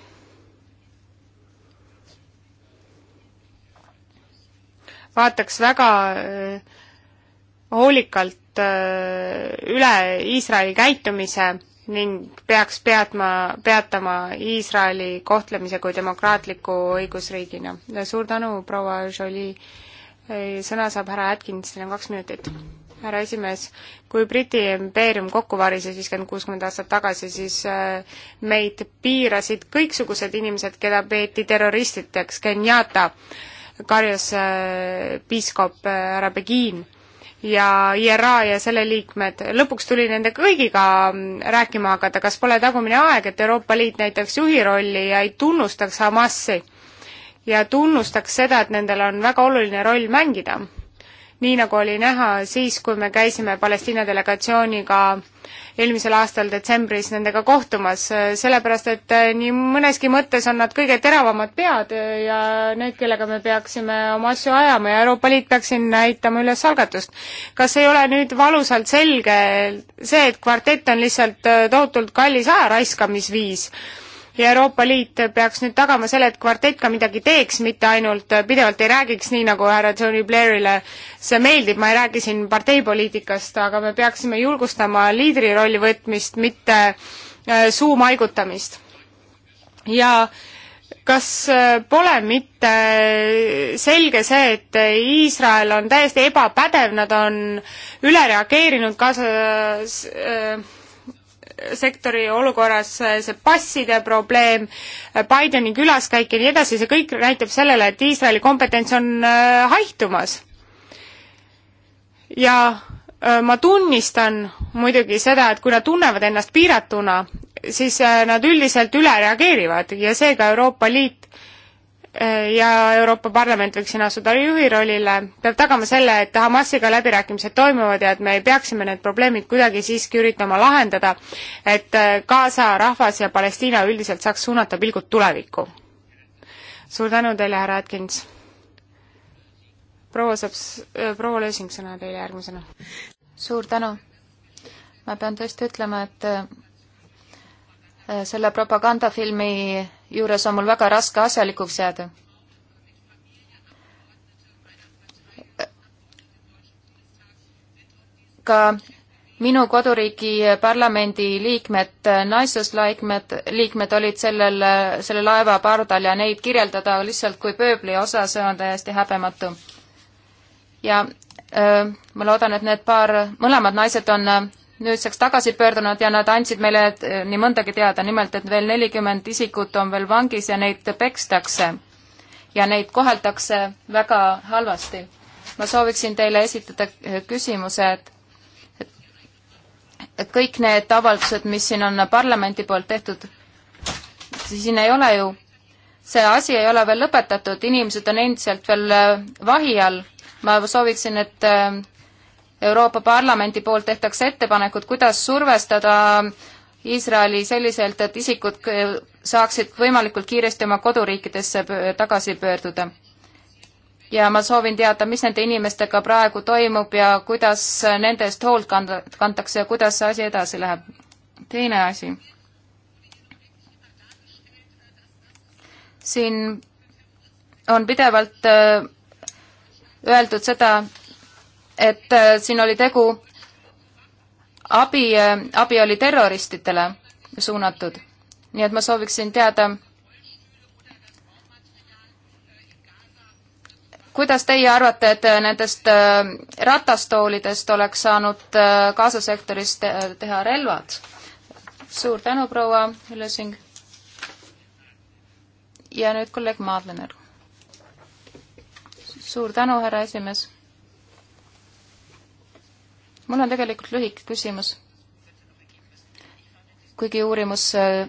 vaataks väga äh, hoolikalt äh, üle Iisraeli käitumise ning peaks peatma, peatama Iisraeli kohtlemise kui demokraatliku õigusriigina. suur tänu, proua Jolie. Äh, sõna saab härra Atkins, teil on kaks minutit. härra esimees, kui Briti impeerium kokku varises viiskümmend, kuuskümmend aastat tagasi, siis äh, meid piirasid kõiksugused inimesed, keda peeti terroristideks, Kenyatta, karjus piiskop härra Begin ja IRA ja selle liikmed. lõpuks tuli nende kõigiga mm, rääkima hakata, kas pole tagumine aeg, et Euroopa Liit näitaks juhi rolli ja ei tunnustaks Hamasi ja tunnustaks seda, et nendel on väga oluline roll mängida nii nagu oli näha siis, kui me käisime Palestiina delegatsiooniga eelmisel aastal detsembris nendega kohtumas, sellepärast et eh, nii mõneski mõttes on nad kõige teravamad pead eh, ja need, kellega me peaksime oma asju ajama ja Euroopa Liit peaks siin näitama üles algatust. kas ei ole nüüd valusalt selge see, et kvartett on lihtsalt eh, tohutult kallis aja raiskamisviis? ja Euroopa Liit peaks nüüd tagama selle, et kvartett ka midagi teeks, mitte ainult pidevalt ei räägiks, nii nagu härra Tony Blairile see meeldib, ma ei räägi siin parteipoliitikast, aga me peaksime julgustama liidri rolli võtmist, mitte äh, suu maigutamist. ja kas äh, pole mitte selge see, et Iisrael on täiesti ebapädev, nad on üle reageerinud, kaasa äh, sektori olukorras, see passide probleem, Bideni külaskäik ja nii edasi, see kõik näitab sellele, et Iisraeli kompetents on äh, haihtumas. ja äh, ma tunnistan muidugi seda, et kui nad tunnevad ennast piiratuna, siis äh, nad üldiselt üle reageerivad ja seega Euroopa Liit Eh, ja Euroopa Parlament võiks siin asuda juhi rollile, peab tagama selle, et Hamasiga läbirääkimised toimuvad ja et me peaksime need probleemid kuidagi siiski üritama lahendada, et eh, Gaza rahvas ja Palestiina üldiselt saaks suunata pilgud tulevikku. suur tänu teile, härra Atkins. proua saab, eh, proua Lösing sõna teile järgmisena. suur tänu. ma pean tõesti ütlema, et selle propagandafilmi juures on mul väga raske asjalikuks jääda. ka minu koduriigi parlamendi liikmed, naissoost liikmed, liikmed olid sellel, selle laeva pardal ja neid kirjeldada lihtsalt kui pööbli osa, see on täiesti häbematu. ja öö, ma loodan, et need paar, mõlemad naised on nüüdseks tagasi pöördunud ja nad andsid meile eh, nii mõndagi teada, nimelt et veel nelikümmend isikut on veel vangis ja neid pekstakse ja neid koheldakse väga halvasti. ma sooviksin teile esitada eh, küsimuse, et et kõik need avaldused, mis siin on parlamendi poolt tehtud, siin ei ole ju, see asi ei ole veel lõpetatud, inimesed on endiselt veel eh, vahi all. ma sooviksin, et Euroopa Parlamendi poolt tehtakse ettepanekud, kuidas survestada Iisraeli selliselt, et isikud saaksid võimalikult kiiresti oma koduriikidesse tagasi pöörduda. ja ma soovin teada, mis nende inimestega praegu toimub ja kuidas nende eest hoolt kanda, kantakse ja kuidas see asi edasi läheb. teine asi. siin on pidevalt äh, öeldud seda, et äh, siin oli tegu, abi, äh, abi oli terroristidele suunatud. nii et ma sooviksin teada, kuidas teie arvate, et äh, nendest ratastoolidest oleks saanud Gaza sektoris teha relvad? suur tänu, proua Lösing. ja nüüd kolleeg Maadlener. suur tänu, härra esimees mul on tegelikult lühike küsimus. kuigi uurimus äh,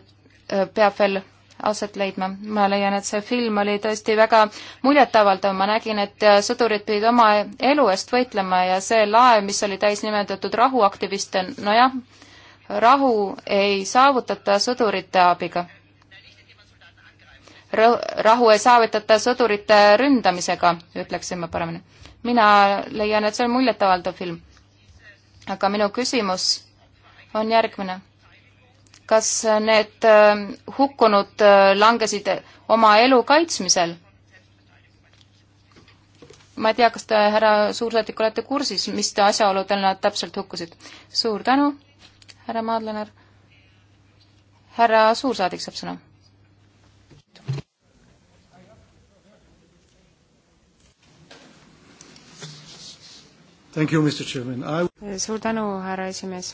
äh, peab veel aset leidma. ma leian, et see film oli tõesti väga muljetavaldav, ma nägin, et äh, sõdurid pidid oma elu eest võitlema ja see laev, mis oli täis nimetatud rahuaktiviste, nojah, rahu ei saavutata sõdurite abiga. Rahu ei saavutata sõdurite ründamisega, ütleksin ma paremini. mina leian, et see on muljetavaldav film aga minu küsimus on järgmine. kas need äh, hukkunud äh, langesid oma elu kaitsmisel? ma ei tea, kas te, härra suursaadik, olete kursis, mis asjaoludel nad täpselt hukkusid? suur tänu, härra Maadlener. härra suursaadik saab sõna You, I... suur tänu, härra esimees.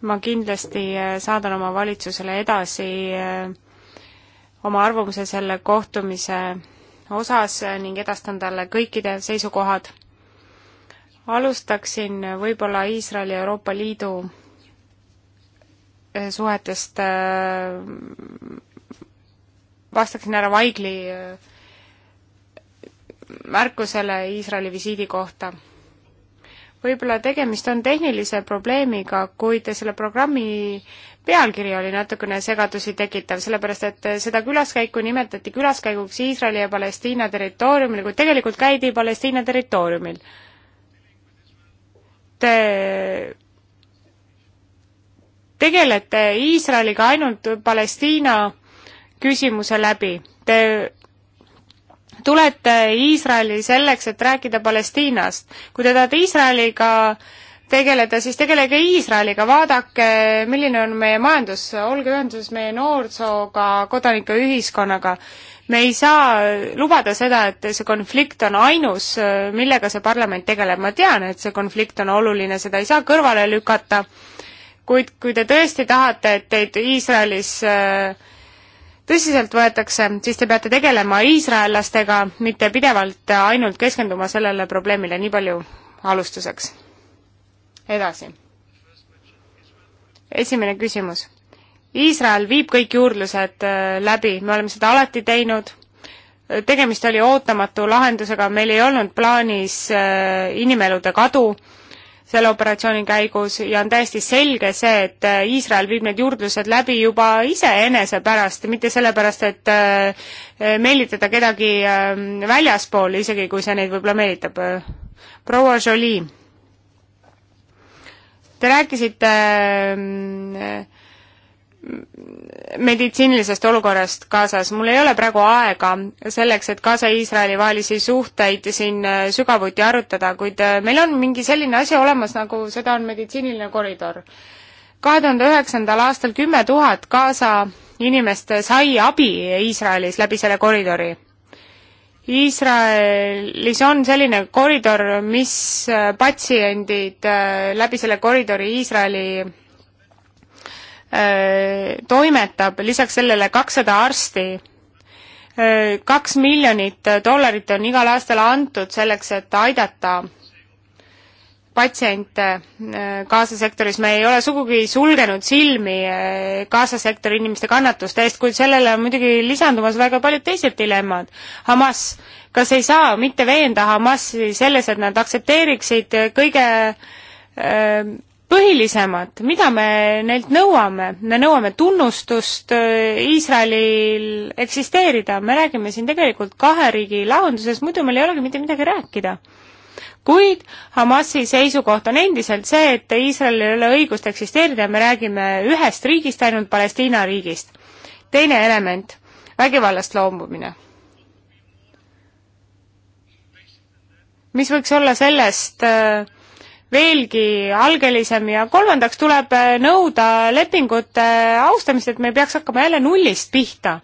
ma kindlasti äh, saadan oma valitsusele edasi äh, oma arvamuse selle kohtumise osas äh, ning edastan talle kõikide seisukohad. alustaksin võib-olla Iisraeli ja Euroopa Liidu suhetest, vastaksin härra Vaigli äh, märkusele Iisraeli visiidi kohta. võib-olla tegemist on tehnilise probleemiga, kuid selle programmi pealkiri oli natukene segadusi tekitav, sellepärast et seda külaskäiku nimetati külaskäiguks Iisraeli ja Palestiina territooriumil, kuid tegelikult käidi Palestiina territooriumil. Te tegelete Iisraeliga ainult Palestiina küsimuse läbi. Te tulete Iisraeli selleks, et rääkida Palestiinast. kui te tahate Iisraeliga tegeleda, siis tegelege Iisraeliga, vaadake, milline on meie majandus, olge ühenduses meie noorsooga, kodanikuühiskonnaga. me ei saa lubada seda, et see konflikt on ainus, millega see parlament tegeleb, ma tean, et see konflikt on oluline, seda ei saa kõrvale lükata, kuid kui te tõesti tahate, et teid Iisraelis äh, tõsiselt võetakse, siis te peate tegelema iisraellastega, mitte pidevalt ainult keskenduma sellele probleemile, nii palju alustuseks. edasi. esimene küsimus. Iisrael viib kõik juurdlused äh, läbi, me oleme seda alati teinud, tegemist oli ootamatu lahendusega, meil ei olnud plaanis äh, inimelude kadu, selle operatsiooni käigus ja on täiesti selge see, et äh, Iisrael viib need juurdlused läbi juba iseenese pärast, mitte sellepärast, et äh, äh, meelitada kedagi ähm, väljaspool, isegi kui see neid võib-olla meelitab. proua Jolie, te rääkisite äh, meditsiinilisest olukorrast Gazas. mul ei ole praegu aega selleks, et Gaza-Iisraeli vahelisi suhteid siin äh, sügavuti arutada, kuid äh, meil on mingi selline asi olemas, nagu seda on meditsiiniline koridor. kahe tuhande üheksandal aastal kümme tuhat Gaza inimest sai abi Iisraelis läbi selle koridori Iisraelis on selline koridor, mis äh, patsiendid läbi selle koridori Iisraeli toimetab, lisaks sellele kakssada arsti, kaks miljonit dollarit on igal aastal antud selleks, et aidata patsiente äh, Gaza sektoris, me ei ole sugugi sulgenud silmi äh, Gaza sektori inimeste kannatuste eest, kuid sellele on muidugi lisandumas väga paljud teised dilemmad. Hamas, kas ei saa mitte veenda Hamasi selles, et nad aktsepteeriksid kõige äh, põhilisemad, mida me neilt nõuame, me nõuame tunnustust äh, Iisraelil eksisteerida, me räägime siin tegelikult kahe riigi lahendusest, muidu meil ei olegi mitte midagi rääkida. kuid Hamasi seisukoht on endiselt see, et Iisraelil ei ole õigust eksisteerida ja me räägime ühest riigist, ainult Palestiina riigist. teine element, vägivallast loobumine. mis võiks olla sellest äh, veelgi algelisem ja kolmandaks tuleb nõuda lepingute austamist, et me ei peaks hakkama jälle nullist pihta.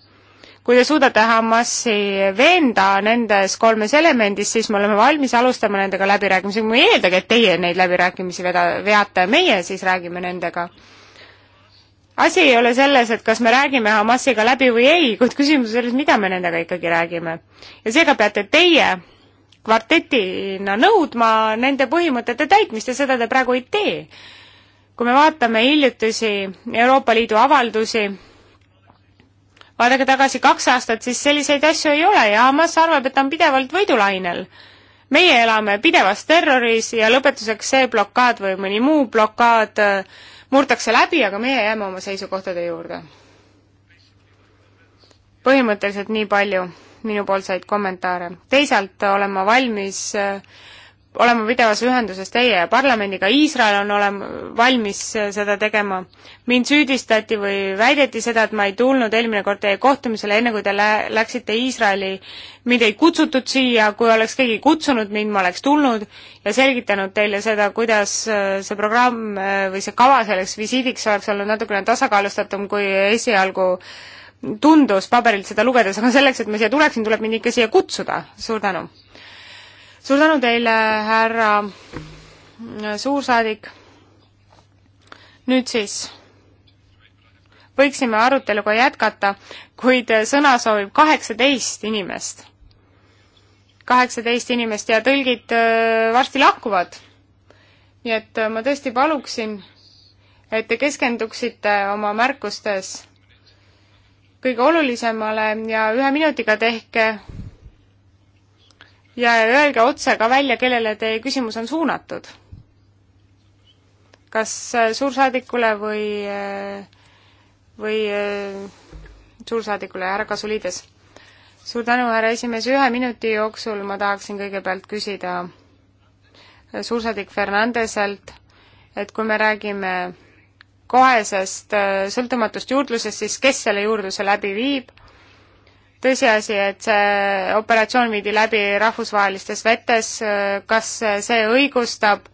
kui te suudate Hamasi veenda nendes kolmes elemendis, siis me oleme valmis alustama nendega läbirääkimisi, ma ei eeldagi, et teie neid läbirääkimisi veda-, veate, meie siis räägime nendega asi ei ole selles, et kas me räägime Hamasiga läbi või ei, kuid küsimus on selles, mida me nendega ikkagi räägime. ja seega peate teie kvartetina nõudma nende põhimõtete täitmist ja seda te praegu ei tee. kui me vaatame hiljutisi Euroopa Liidu avaldusi, vaadake tagasi kaks aastat, siis selliseid asju ei ole ja Hamas arvab, et ta on pidevalt võidulainel. meie elame pidevas terroris ja lõpetuseks see blokaad või mõni muu blokaad äh, murtakse läbi, aga meie jääme oma seisukohtade juurde. põhimõtteliselt nii palju minupoolseid kommentaare. teisalt olen ma valmis äh, olema pidevas ühenduses teie ja parlamendiga, Iisrael on olema valmis äh, seda tegema. mind süüdistati või väideti seda, et ma ei tulnud eelmine kord teie kohtumisele, enne kui te lä-, läksite Iisraeli. mind ei kutsutud siia, kui oleks keegi kutsunud mind, ma oleks tulnud ja selgitanud teile seda, kuidas äh, see programm või see kava selleks visiidiks oleks olnud natukene tasakaalustatum, kui esialgu äh, tundus paberilt seda lugedes, aga selleks, et ma siia tuleksin, tuleb mind ikka siia kutsuda. suur tänu! suur tänu teile, härra äh, suursaadik! nüüd siis võiksime aruteluga jätkata, kuid äh, sõna soovib kaheksateist inimest. kaheksateist inimest ja tõlgid äh, varsti lahkuvad. nii et ma tõesti paluksin, et te keskenduksite oma märkustes kõige olulisemale ja ühe minutiga tehke ja öelge otse ka välja, kellele teie küsimus on suunatud. kas äh, suursaadikule või, äh, või äh, suursaadikule, härra Kasuliides? suur tänu, härra esimees, ühe minuti jooksul ma tahaksin kõigepealt küsida suursaadik Fernandeselt, et kui me räägime kohesest äh, sõltumatust juurdlusest, siis kes selle juurdluse läbi viib. tõsiasi, et see operatsioon viidi läbi rahvusvahelistes vetes, äh, kas see õigustab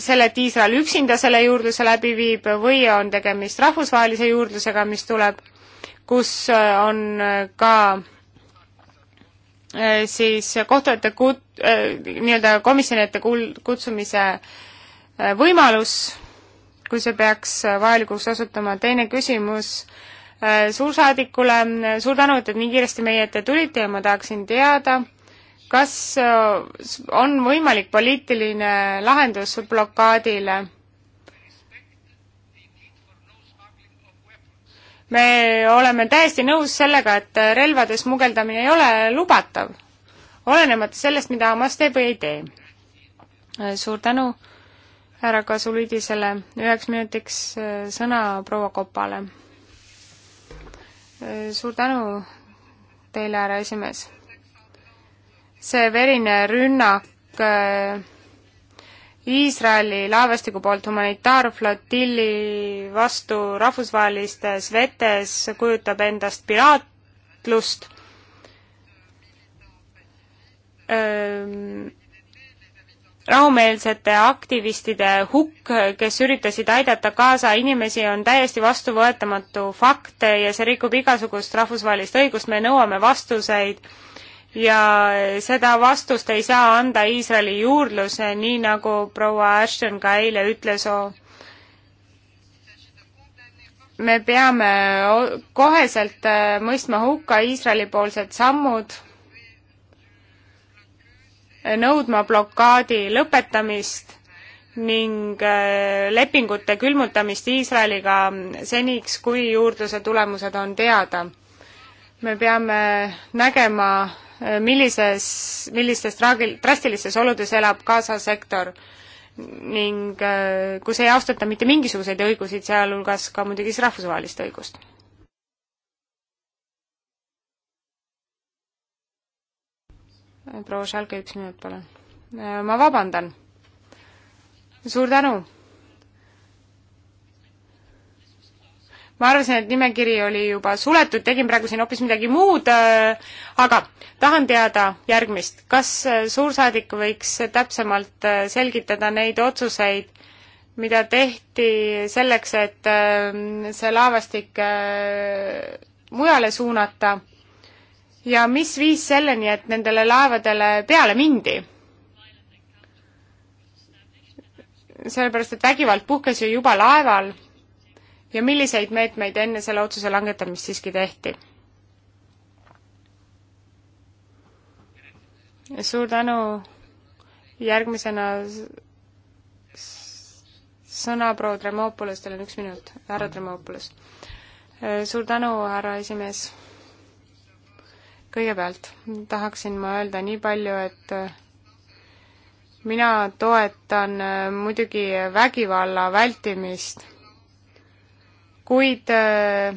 selle, et Iisrael üksinda selle juurdluse läbi viib või on tegemist rahvusvahelise juurdlusega, mis tuleb, kus äh, on ka siis kohtu ette kut-, nii-öelda komisjoni ette kuul-, kutsumise äh, Äh, võimalus, kui see peaks äh, vajalikuks osutuma. teine küsimus äh, suursaadikule, suur tänu, et te nii kiiresti meie ette tulite ja ma tahaksin teada, kas on võimalik poliitiline lahendus blokaadile? me oleme täiesti nõus sellega, et relvade smugeldamine ei ole lubatav, olenemata sellest, mida Hamas teeb või ei tee. suur tänu härra Kasulidisele, üheks minutiks äh, sõna proua Kopale. Äh, suur tänu teile, härra esimees. see verine rünnak äh, Iisraeli laevastiku poolt humanitaarflotilli vastu rahvusvahelistes vetes kujutab endast piraatlust rahumeelsete aktivistide hukk, kes üritasid aidata kaasa inimesi, on täiesti vastuvõetamatu fakt ja see rikub igasugust rahvusvahelist õigust, me nõuame vastuseid ja seda vastust ei saa anda Iisraeli juurdlus, nii nagu proua Ashton ka eile ütles oh.. me peame koheselt äh, mõistma hukka Iisraeli poolsed sammud nõudma blokaadi lõpetamist ning äh, lepingute külmutamist Iisraeliga seniks, kui juurdluse tulemused on teada. me peame nägema, äh, millises, millistes traagil-, drastilistes oludes elab Gaza sektor ning äh, kus ei austata mitte mingisuguseid õigusi, sealhulgas ka muidugi siis rahvusvahelist õigust. proua Šalke, üks minut, palun. Äh, ma vabandan. suur tänu. ma arvasin, et nimekiri oli juba suletud, tegin praegu siin hoopis midagi muud, äh, aga tahan teada järgmist. kas äh, suursaadik võiks täpsemalt selgitada neid otsuseid, mida tehti selleks, et see laevastik mujale suunata ja mis viis selleni, et nendele laevadele peale mindi? sellepärast, et vägivald puhkes ju juba laeval ja milliseid meetmeid enne selle otsuse langetamist siiski tehti? suur tänu, järgmisena sõna proua Tremopoulos, teil on üks minut, härra Tremopoulos. suur tänu, härra esimees kõigepealt tahaksin ma öelda nii palju, et äh, mina toetan äh, muidugi vägivalla vältimist, kuid äh,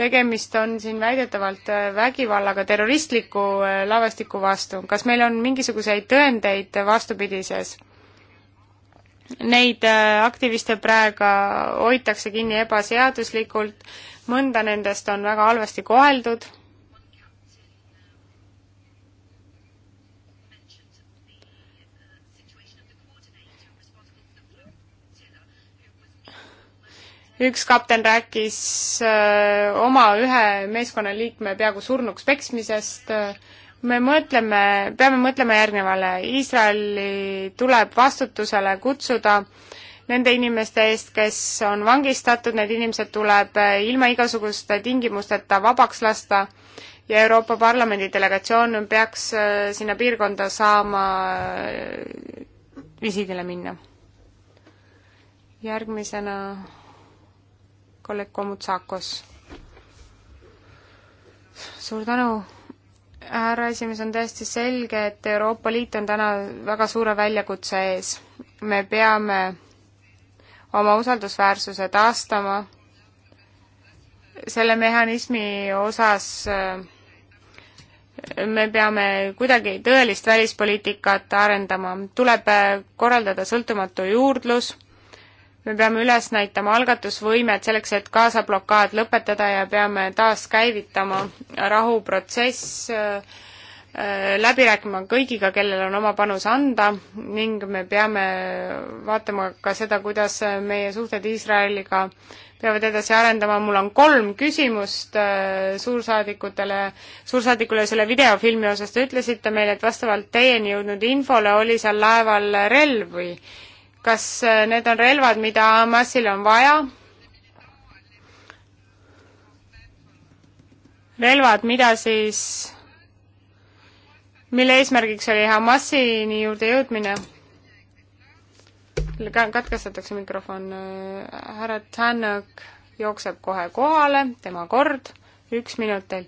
tegemist on siin väidetavalt vägivallaga terroristliku lavastiku vastu. kas meil on mingisuguseid tõendeid vastupidises? Neid äh, aktiviste praegu hoitakse kinni ebaseaduslikult, mõnda nendest on väga halvasti koheldud. üks kapten rääkis öö, äh, oma ühe meeskonnaliikme peaaegu surnuks peksmisest öö, me mõtleme, peame mõtlema järgnevale, Iisraeli tuleb vastutusele kutsuda nende inimeste eest, kes on vangistatud, need inimesed tuleb ilma igasuguste tingimusteta vabaks lasta ja Euroopa Parlamendi delegatsioon peaks äh, sinna piirkonda saama äh, visiidile minna. järgmisena kolleeg Komutsakos. suur tänu härra esimees, on täiesti selge, et Euroopa Liit on täna väga suure väljakutse ees. me peame oma usaldusväärsuse taastama selle mehhanismi osas äh, me peame kuidagi tõelist välispoliitikat arendama, tuleb äh, korraldada sõltumatu juurdlus me peame üles näitama algatusvõimet selleks, et Gaza blokaad lõpetada ja peame taaskäivitama rahuprotsess äh, äh,, läbi rääkima kõigiga, kellel on oma panus anda ning me peame vaatama ka seda, kuidas meie suhted Iisraeliga peavad edasi arendama, mul on kolm küsimust äh, suursaadikutele, suursaadikule selle videofilmi osas, te ütlesite meile, et vastavalt teieni jõudnud infole oli seal laeval relvi kas äh, need on relvad, mida Hamasil on vaja? relvad, mida siis, mille eesmärgiks oli Hamasini juurde jõudmine? katkestatakse mikrofon, äh, härra Tänak jookseb kohe kohale, tema kord, üks minut teil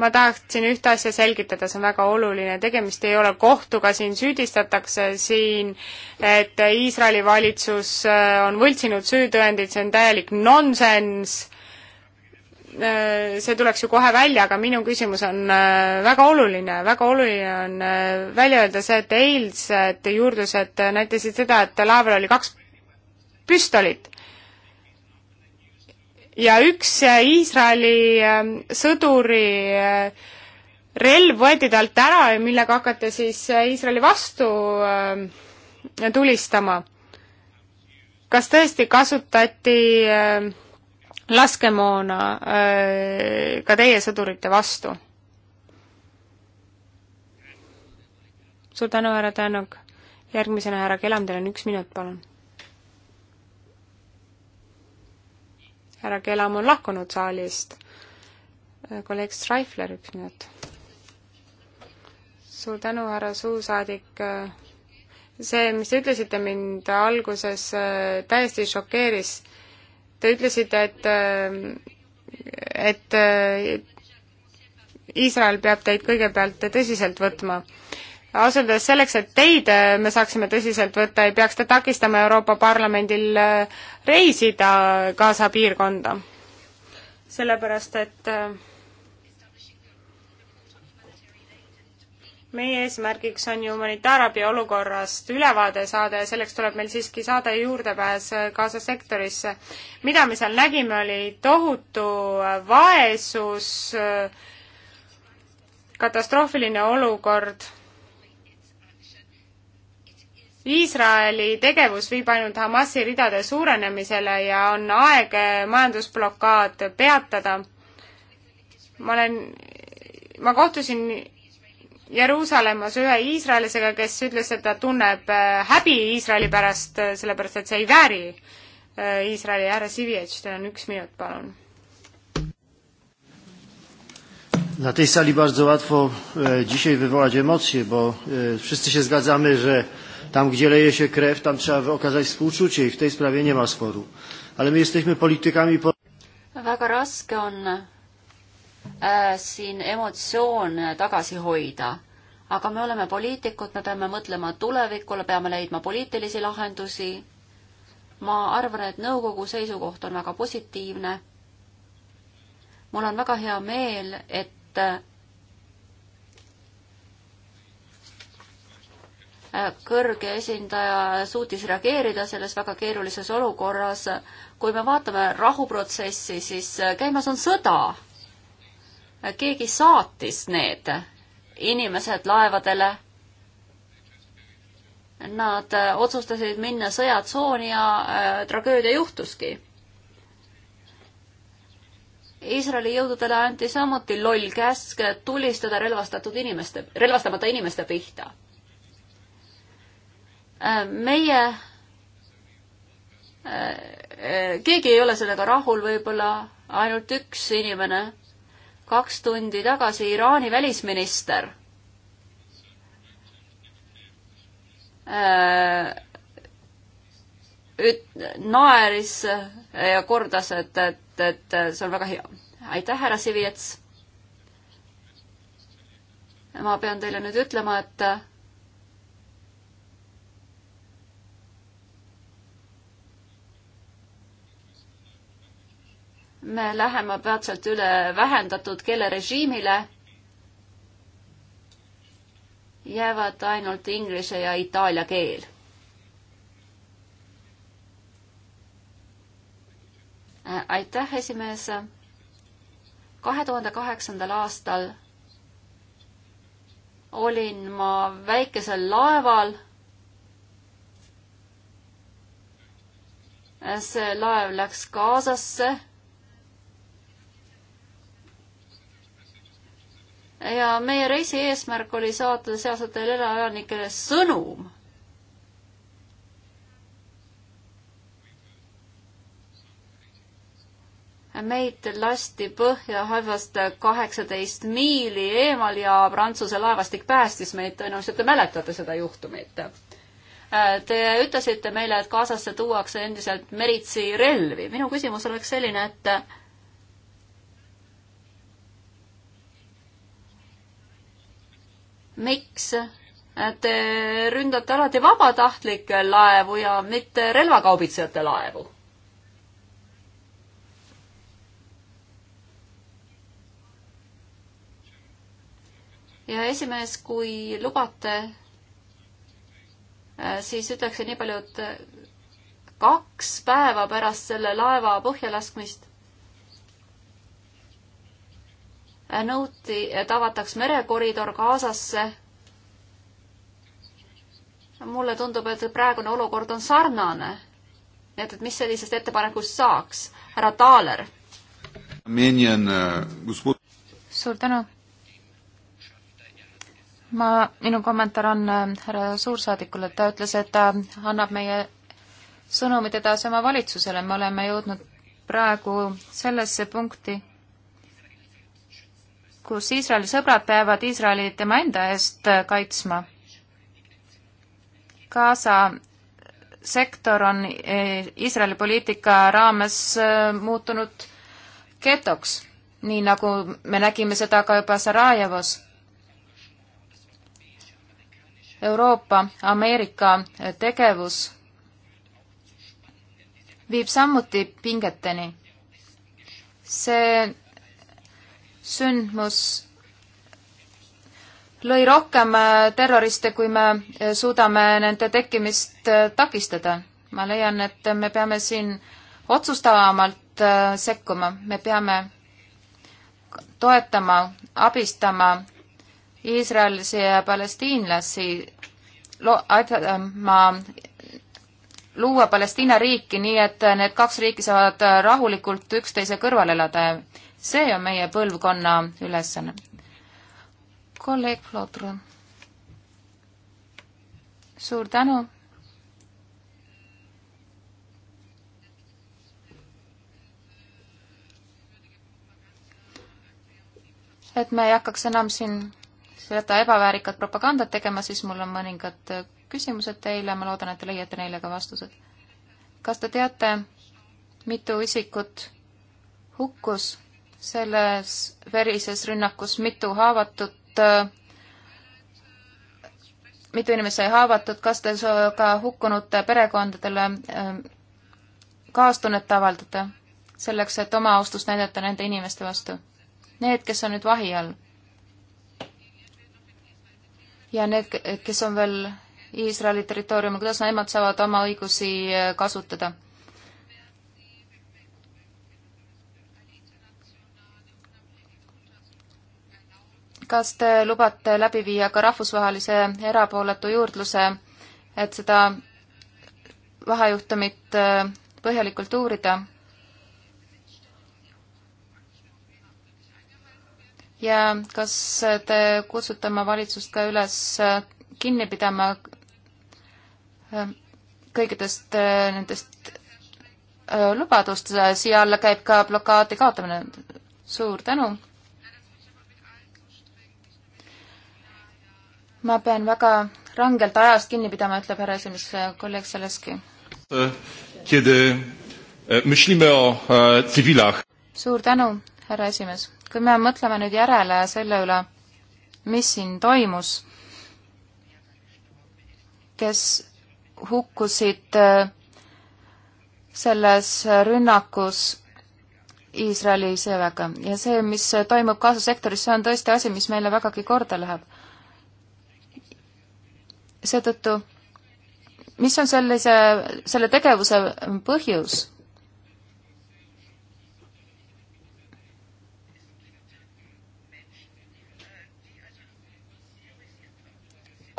ma tahtsin ühte asja selgitada, see on väga oluline, tegemist ei ole kohtuga, siin süüdistatakse siin, et Iisraeli valitsus äh, on võltsinud süütõendid, see on täielik nonsenss, äh, see tuleks ju kohe välja, aga minu küsimus on äh, väga oluline, väga oluline on välja öelda see, et eilsed juurdlused näitasid seda, et laeval oli kaks püstolit ja üks äh, Iisraeli äh, sõduri äh, relv võeti talt ära ja millega hakati siis Iisraeli vastu tulistama. kas tõesti kasutati laskemoona ka teie sõdurite vastu? suur tänu, härra Tänuk. järgmisena härra Kelam, teil on üks minut, palun härra Kelam on lahkunud saalist. kolleeg Streifler, üks minut. suur tänu, härra suursaadik. see, mis te ütlesite mind alguses, täiesti šokeeris. Te ütlesite, et, et Iisrael peab teid kõigepealt tõsiselt võtma ausalt öeldes selleks, et teid äh, me saaksime tõsiselt võtta, ei peaks ta takistama Euroopa Parlamendil äh, reisida Gaza piirkonda. sellepärast, et äh, meie eesmärgiks on ju humanitaarabi olukorrast ülevaade saada ja selleks tuleb meil siiski saada juurdepääs Gaza sektorisse. mida me seal nägime, oli tohutu vaesus, katastroofiline olukord Iisraeli tegevus viib ainult Hamasi ridade suurenemisele ja on aeg majandusblokaad peatada. ma olen, ma kohtusin Jeruusalemmas ühe iisraelisega, kes ütles, et ta tunneb äh, häbi Iisraeli pärast, äh, sellepärast et see ei vääri äh, Iisraeli. härra Sivijatš, teil on üks minut, palun. Na tej sali bardzo łatwo e, dzisiaj wywołać emocje, bo e, wszyscy się zgadzamy, że Tam, gdzie leje się krew, tam trzeba okazać współczucie i w tej sprawie nie ma sporu. Ale my jesteśmy politykami... Po... Väga raske on äh, siin emotsioone tagasi hoida aga me oleme poliitikud, me peame mõtlema tulevikule, peame leidma poliitilisi lahendusi. ma arvan, et nõukogu seisukoht on väga positiivne. mul on väga hea meel, et kõrge esindaja suutis reageerida selles väga keerulises olukorras. kui me vaatame rahuprotsessi, siis käimas on sõda. keegi saatis need inimesed laevadele. Nad otsustasid minna sõjatsooni ja äh, tragöödia juhtuski Iisraeli jõududele anti samuti loll käsk tulistada relvastatud inimeste, relvastamata inimeste pihta. Äh, meie, äh, äh, keegi ei ole sellega rahul, võib-olla ainult üks inimene. kaks tundi tagasi Iraani välisminister üt-, naeris ja kordas, et, et, et see on väga hea. aitäh, härra Sivijets! ma pean teile nüüd ütlema, et me läheme peatselt üle vähendatud keelerežiimile. jäävad ainult inglise ja itaalia keel. aitäh, esimees. kahe tuhande kaheksandal aastal olin ma väikesel laeval see laev läks Gazasse ja meie reisi eesmärk oli saata sealsetele elanikele sõnum. meid lasti põhja halvast kaheksateist miili eemal ja Prantsuse laevastik päästis meid, tõenäoliselt te mäletate seda juhtumit. Te ütlesite meile, et Gazasse tuuakse endiselt meritsi relvi. minu küsimus oleks selline, et miks te ründate alati vabatahtlikke laevu ja mitte relvakaubitsejate laevu? ja esimees, kui lubate, äh, siis ütleksin nii palju, et kaks päeva pärast selle laeva põhjalaskmist nõuti, et avataks merekoridor Gazasse. mulle tundub, et praegune olukord on sarnane. nii et, et mis sellisest ettepanekust saaks? härra Taaler. Äh, suur tänu. ma, minu kommentaar on äh, härra suursaadikule, ta ütles, et ta annab meie sõnumid edasi oma valitsusele, me oleme jõudnud praegu sellesse punkti kus Iisraeli sõbrad peavad Iisraeli tema enda eest äh, kaitsma. Gaza sektor on äh, Iisraeli poliitika raames äh, muutunud getoks, nii nagu me nägime seda ka juba Sarajevos. Euroopa, Ameerika tegevus viib samuti pingeteni. see sündmus lõi rohkem äh, terroriste, kui me äh, suudame nende tekkimist äh, takistada. ma leian, et me peame siin otsustavamalt sekkuma, me peame toetama, abistama Iisraelisi ja palestiinlasi, aitama luua Palestiina riiki nii, et need kaks riiki saavad rahulikult üksteise kõrval elada see on meie põlvkonna ülesanne. kolleeg Flotr. suur tänu. et me ei hakkaks enam siin seda ebaväärikat propagandat tegema, siis mul on mõningad küsimused teile, ma loodan, et te leiate neile ka vastused. kas te teate, mitu isikut hukkus selles verises rünnakus mitu haavatut, äh, mitu inimest sai haavatud, kas te ka hukkunute perekondadele äh, kaastunnet avaldate, selleks et oma austust näidata nende inimeste vastu? Need, kes on nüüd vahi all. ja need, kes on veel Iisraeli territooriumil, kuidas nemad saavad oma õigusi äh, kasutada? kas te lubate läbi viia ka rahvusvahelise erapooletu juurdluse, et seda vahejuhtumit äh, põhjalikult uurida? ja kas te kutsute oma valitsust ka üles äh, kinni pidama äh, kõikidest nendest lubadust, siia alla käib ka blokaadi kaotamine. suur tänu! ma pean väga rangelt ajast kinni pidama, ütleb härra esimees äh, kolleeg Seleski. E, e, e, suur tänu, härra esimees. kui me mõtleme nüüd järele selle üle, mis siin toimus, kes hukkusid selles rünnakus Iisraeli sõjaväega ja see, mis toimub Gaza sektoris, see on tõesti asi, mis meile vägagi korda läheb seetõttu, mis on sellise, selle tegevuse põhjus?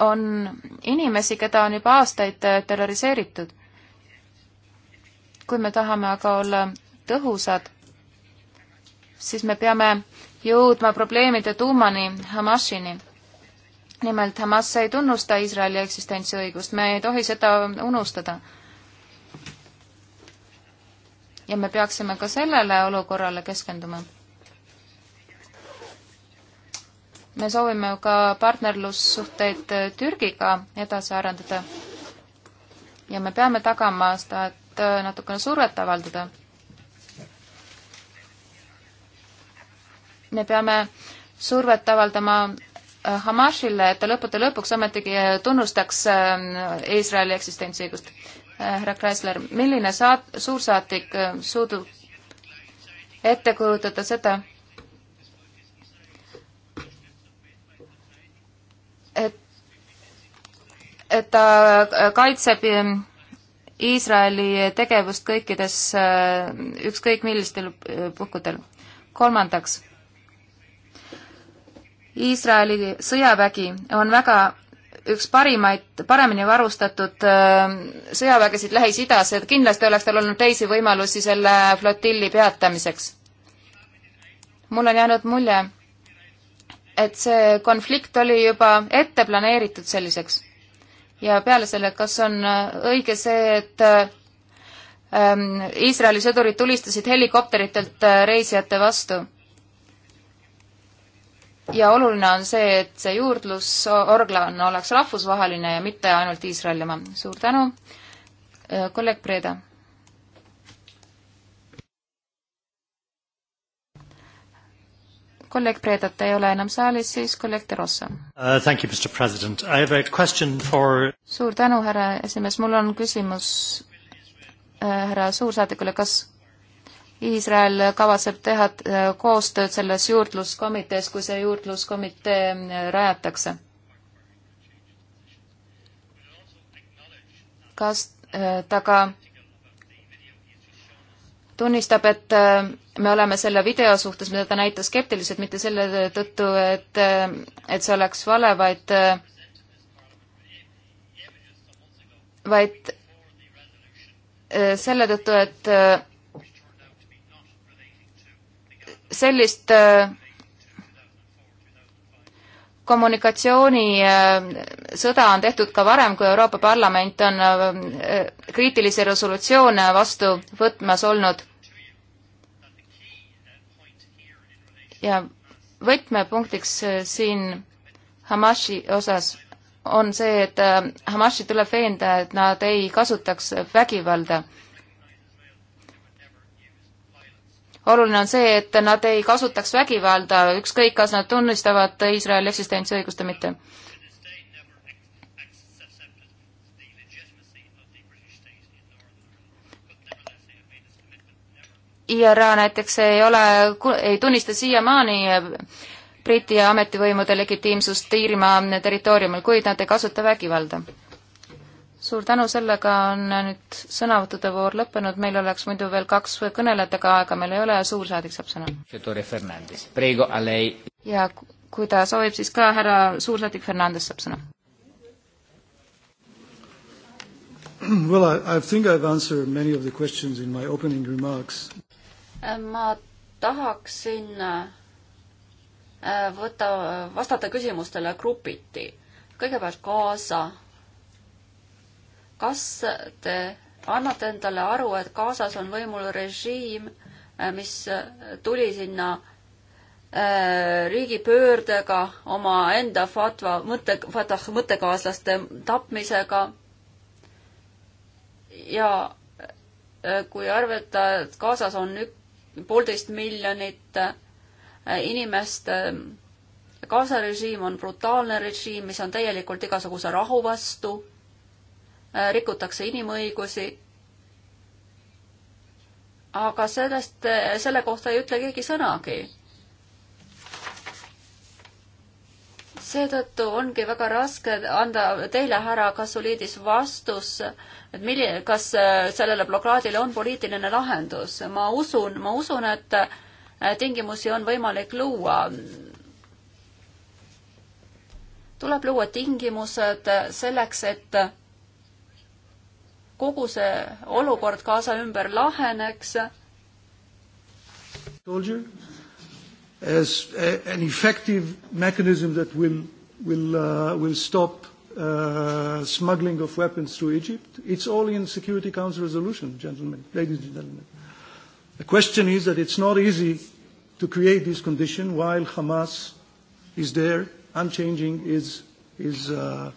on inimesi, keda on juba aastaid terroriseeritud. kui me tahame aga olla tõhusad, siis me peame jõudma probleemide tuumani, Hamashini nimelt Hamas ei tunnusta Iisraeli eksistentsiõigust, me ei tohi seda unustada. ja me peaksime ka sellele olukorrale keskenduma. me soovime ka partnerlussuhteid Türgiga edasi arendada. ja me peame tagama seda, et natukene survet avaldada. me peame survet avaldama Äh, Hamasile, et ta lõppude lõpuks ometigi äh, tunnustaks ähm, Iisraeli eksistentsiõigust. Äh, härra Kreisler, milline saat-, suursaatik suudub ette kujutada seda, et, et ta kaitseb Iisraeli tegevust kõikides, ükskõik millistel puhkudel. kolmandaks Iisraeli sõjavägi on väga üks parimaid, paremini varustatud äh, sõjavägesid Lähis-Idas, et kindlasti oleks tal olnud teisi võimalusi selle flotilli peatamiseks. mul on jäänud mulje, et see konflikt oli juba ette planeeritud selliseks. ja peale selle, kas on äh, õige see, et äh, ähm, Iisraeli sõdurid tulistasid helikopteritelt reisijate vastu ja oluline on see, et see juurdlusorglan oleks rahvusvaheline ja mitte ainult Iisraeli oma. suur tänu, äh, kolleeg Breda. kolleeg Bredat ei ole enam saalis, siis kolleeg Terossa uh,. Thank you, Mr President. I have a question for suur tänu, härra esimees, mul on küsimus äh, härra suursaadikule, kas Iisrael kavatseb teha äh, koostööd selles juurdluskomitees, kui see juurdluskomitee äh, rajatakse. kas äh, ta ka tunnistab, et me oleme selle video suhtes, mida ta näitas, skeptilised, mitte selle tõttu, et, et see oleks vale, vaid vaid selle tõttu, et sellist äh, kommunikatsioonisõda äh, on tehtud ka varem, kui Euroopa Parlament on äh, kriitilisi resolutsioone vastu võtmas olnud. ja võtmepunktiks siin Hamasi osas on see, et Hamasi tuleb veenda, et nad ei kasutaks vägivalda oluline on see, et nad ei kasutaks vägivalda, ükskõik, kas nad tunnistavad Iisraeli eksistentsiõigust või mitte. IRA näiteks ei ole, ei tunnista siiamaani Briti ametivõimude legitiimsust Iirimaa territooriumil, kuid nad ei kasuta vägivalda suur tänu, sellega on nüüd sõnavõttude voor lõppenud, meil oleks muidu veel kaks kõnelejat, aga aega meil ei ole ja suursaadik saab sõna. ja kui ta soovib, siis ka härra suursaadik Fernandes saab sõna. <clears throat> Well, I, I think I've answered many of the questions in my opening remarks. ma tahaksin äh, võtta, vastata küsimustele grupiti. kõigepealt Gaza kas te annate endale aru, et Gazas on võimul režiim, äh, mis äh, tuli sinna äh, riigipöördega omaenda fatva mõtte, fatah mõttekaaslaste tapmisega. ja kui arvata, et Gazas on ük-, poolteist miljonit inimest, Gaza režiim on brutaalne režiim, mis on täielikult igasuguse rahu vastu Äh, rikutakse inimõigusi. aga sellest, äh, selle kohta ei ütle keegi sõnagi. seetõttu ongi väga raske anda teile, härra Kasuliidis, vastus, et milline, kas äh, sellele blokaadile on poliitiline lahendus. ma usun, ma usun, et tingimusi on võimalik luua tuleb luua tingimused selleks, et kogu see olukord Gaza ümber laheneks. As an effective mechanism that will, will, uh, will stop uh, smuggling of weapons through Egypt. It's all in Security Council resolution, gentlemen, ladies and gentlemen. The question is that it's not easy to create this condition while Hamas is there, unchanging is, is uh,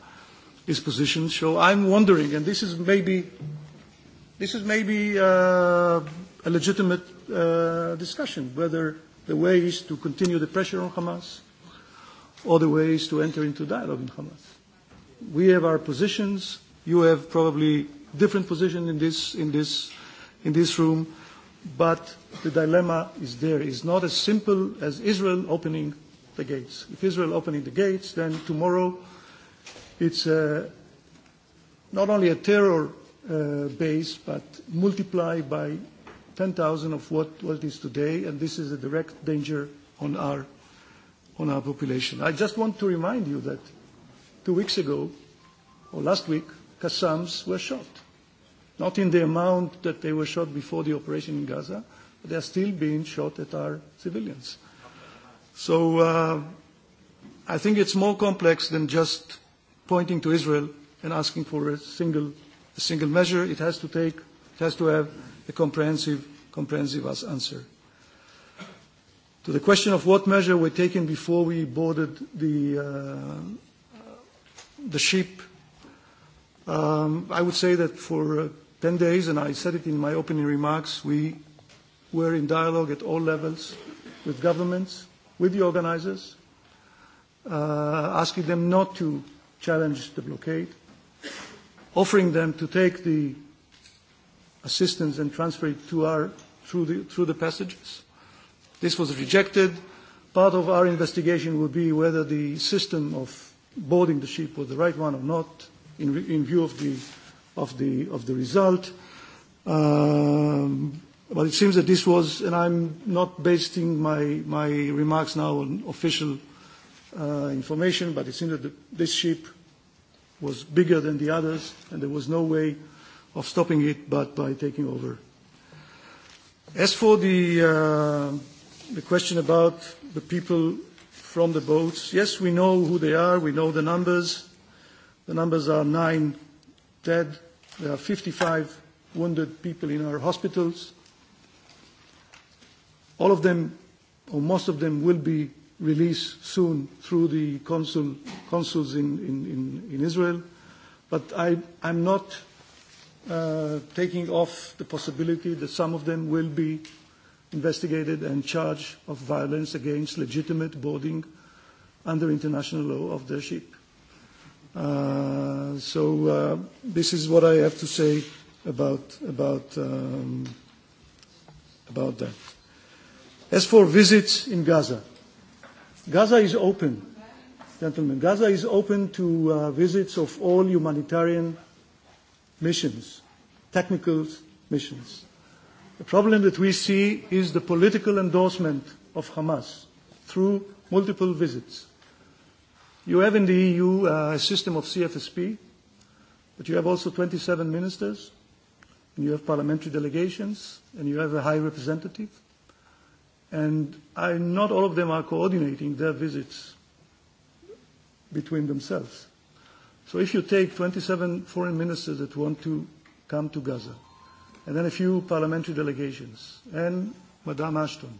his position. So I'm wondering, and this is maybe, this is maybe uh, a legitimate uh, discussion, whether the way is to continue the pressure on Hamas or the way is to enter into dialogue in Hamas. We have our positions. You have probably different position in this, in this, in this room, but the dilemma is there. It's not as simple as Israel opening the gates. If Israel opening the gates, then tomorrow It's uh, not only a terror uh, base, but multiplied by 10,000 of what, what it is today, and this is a direct danger on our, on our population. I just want to remind you that two weeks ago, or last week, Qassams were shot. Not in the amount that they were shot before the operation in Gaza, but they are still being shot at our civilians. So uh, I think it's more complex than just pointing to Israel and asking for a single, a single measure. It has to take, it has to have a comprehensive, comprehensive answer. To the question of what measure were taken before we boarded the, uh, the ship, um, I would say that for uh, 10 days, and I said it in my opening remarks, we were in dialogue at all levels with governments, with the organizers, uh, asking them not to challenged the blockade, offering them to take the assistance and transfer it to our, through, the, through the passages. This was rejected. Part of our investigation would be whether the system of boarding the ship was the right one or not in, in view of the, of the, of the result. Um, but it seems that this was, and I'm not basing my, my remarks now on official uh, uh, information, but it seemed that the, this ship was bigger than the others, and there was no way of stopping it but by taking over. As for the, uh, the question about the people from the boats, yes, we know who they are, we know the numbers. The numbers are nine dead, there are 55 wounded people in our hospitals. All of them, or most of them, will be release soon through the consul, consuls in, in, in, in Israel. But I, I'm not uh, taking off the possibility that some of them will be investigated and charged of violence against legitimate boarding under international law of their ship. Uh, so uh, this is what I have to say about, about, um, about that. As for visits in Gaza, Gaza is open, gentlemen. Gaza is open to uh, visits of all humanitarian missions, technical missions. The problem that we see is the political endorsement of Hamas through multiple visits. You have in the EU uh, a system of CFSP, but you have also 27 ministers, and you have parliamentary delegations, and you have a high representative and I, not all of them are coordinating their visits between themselves. So if you take 27 foreign ministers that want to come to Gaza, and then a few parliamentary delegations, and Madame Ashton,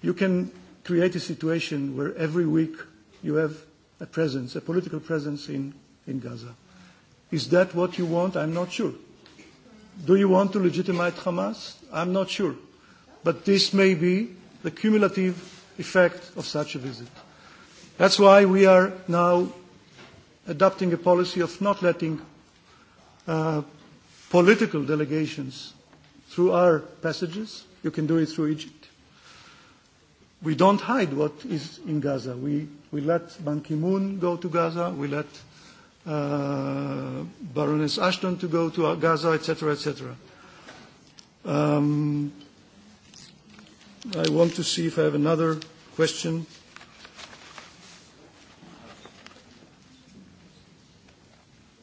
you can create a situation where every week you have a presence, a political presence in, in Gaza. Is that what you want? I'm not sure. Do you want to legitimize Hamas? I'm not sure but this may be the cumulative effect of such a visit. That's why we are now adopting a policy of not letting uh, political delegations through our passages. You can do it through Egypt. We don't hide what is in Gaza. We, we let Ban Ki-moon go to Gaza. We let uh, Baroness Ashton to go to Gaza, etc., etc. Um, I want to see if I have another question.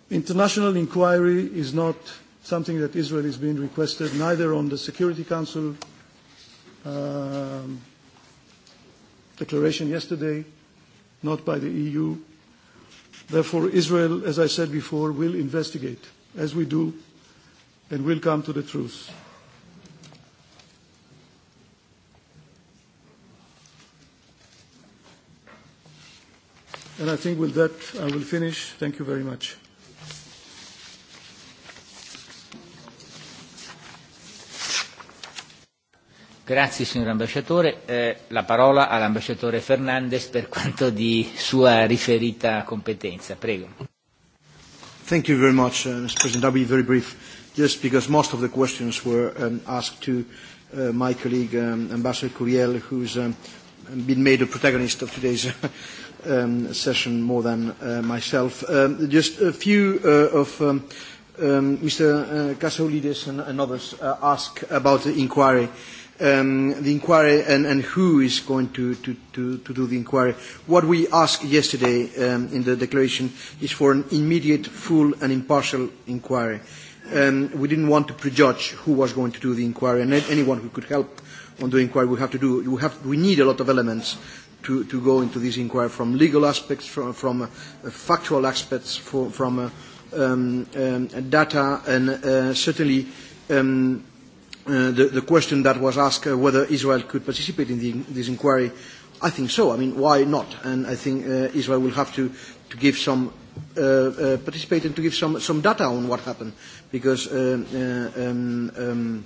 International inquiry is not something that Israel is being requested, neither on the Security Council um, declaration yesterday, not by the EU. Therefore, Israel, as I said before, will investigate, as we do, and will come to the truth. And I think with that, I will finish. Thank you very much. Grazie signor ambasciatore. Eh, la parola all'ambasciatore Fernandez per quanto di sua riferita competenza. Prego. Thank you very much, uh, Mr. President. I'll be very brief, just because most of the questions were um, asked to uh, my colleague, um, Ambassador Curiel, who's um, been made a protagonist of today's <laughs> um, session more than uh, myself. Um, just a few uh, of um, um, Mr. Uh, Kasolidis and, and others uh, ask about the inquiry. Um, the inquiry and, and who is going to, to, to, to do the inquiry. What we asked yesterday um, in the declaration is for an immediate, full and impartial inquiry. Um, we didn't want to prejudge who was going to do the inquiry and anyone who could help on the inquiry we have to do. We, have, we need a lot of elements to, to go into this inquiry from legal aspects, from, from uh, factual aspects, for, from uh, um, um, data, and uh, certainly um, uh, the, the question that was asked uh, whether Israel could participate in the, this inquiry, I think so. I mean, why not? And I think uh, Israel will have to, to give some uh, uh, participate and to give some, some data on what happened, because uh, uh, um, um,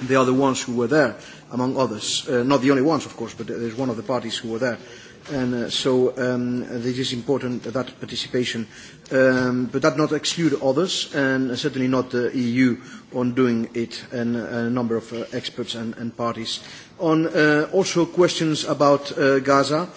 They are the ones who were there, among others. Uh, not the only ones, of course, but there's one of the parties who were there. And uh, so um, this is important, uh, that participation. Um, but that not exclude others, and certainly not the EU on doing it, and a number of uh, experts and, and parties. On uh, also questions about uh, Gaza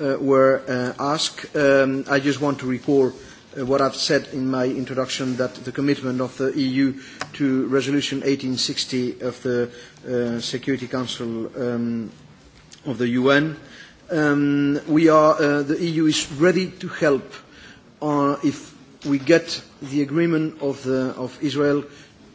uh, were uh, asked. Um, I just want to recall uh, uh, what I've said in my introduction that the commitment of the EU to Resolution 1860 of the uh, Security Council um, of the UN. Um, we are, uh, the EU is ready to help uh, if we get the agreement of, the, of Israel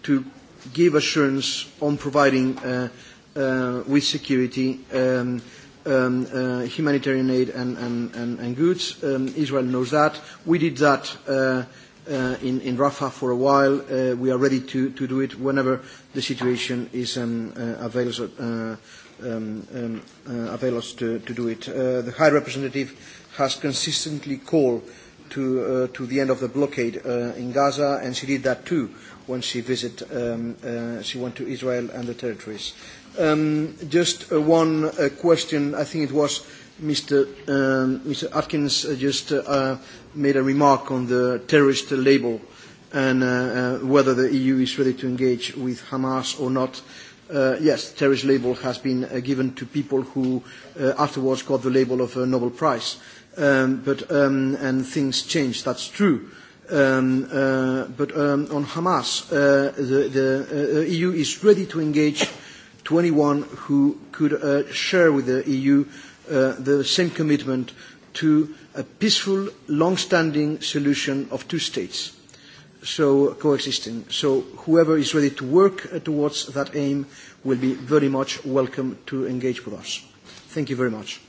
to give assurance on providing uh, uh, with security um, um, uh, humanitarian aid and, and, and, and goods. Um, Israel knows that. We did that uh, uh, in, in Rafah for a while. Uh, we are ready to, to do it whenever the situation is um, uh, avails, uh, um, um, uh, avail us to, to do it. Uh, the High Representative has consistently called to, uh, to the end of the blockade uh, in Gaza, and she did that too when she, visit, um, uh, she went to Israel and the territories. Uh, Um, just uh, one uh, question. I think it was Mr. Um, Mr. Atkins uh, just uh, uh, made a remark on the terrorist label and uh, uh, whether the EU is ready to engage with Hamas or not. Uh, yes, terrorist label has been uh, given to people who uh, afterwards got the label of a Nobel Prize. Um, but, um, and things change, that's true. Um, uh, but um, on Hamas, uh, the, the uh, EU is ready to engage uh, to anyone who could uh, share with the EU uh, the same commitment to a peaceful, long-standing solution of two states, so coexisting. So whoever is ready to work uh, towards that aim will be very much welcome to engage with us. Thank you very much.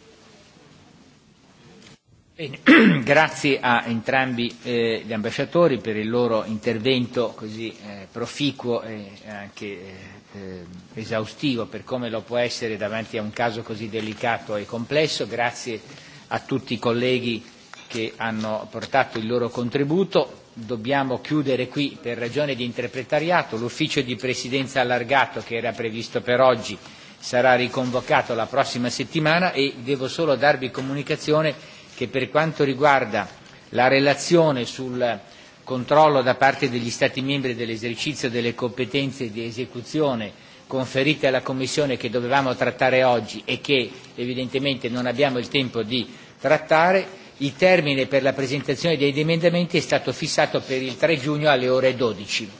Bene. <clears throat> Grazie a entrambi eh, gli ambasciatori per il loro intervento così eh, proficuo e anche eh, eh, esaustivo per come lo può essere davanti a un caso così delicato e complesso. Grazie a tutti i colleghi che hanno portato il loro contributo. Dobbiamo chiudere qui per ragione di interpretariato. L'ufficio di presidenza allargato che era previsto per oggi sarà riconvocato la prossima settimana e devo solo darvi comunicazione che per quanto riguarda la relazione sul controllo da parte degli Stati membri dell'esercizio delle competenze di esecuzione conferite alla Commissione che dovevamo trattare oggi e che evidentemente non abbiamo il tempo di trattare, il termine per la presentazione degli emendamenti è stato fissato per il 3 giugno alle ore 12.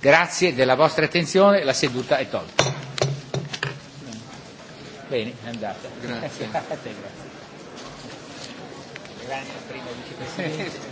Grazie della vostra attenzione, la seduta è tolta. Bene, è andata. Grazie. <laughs> A te, grazie. Grande primo vicepresidente.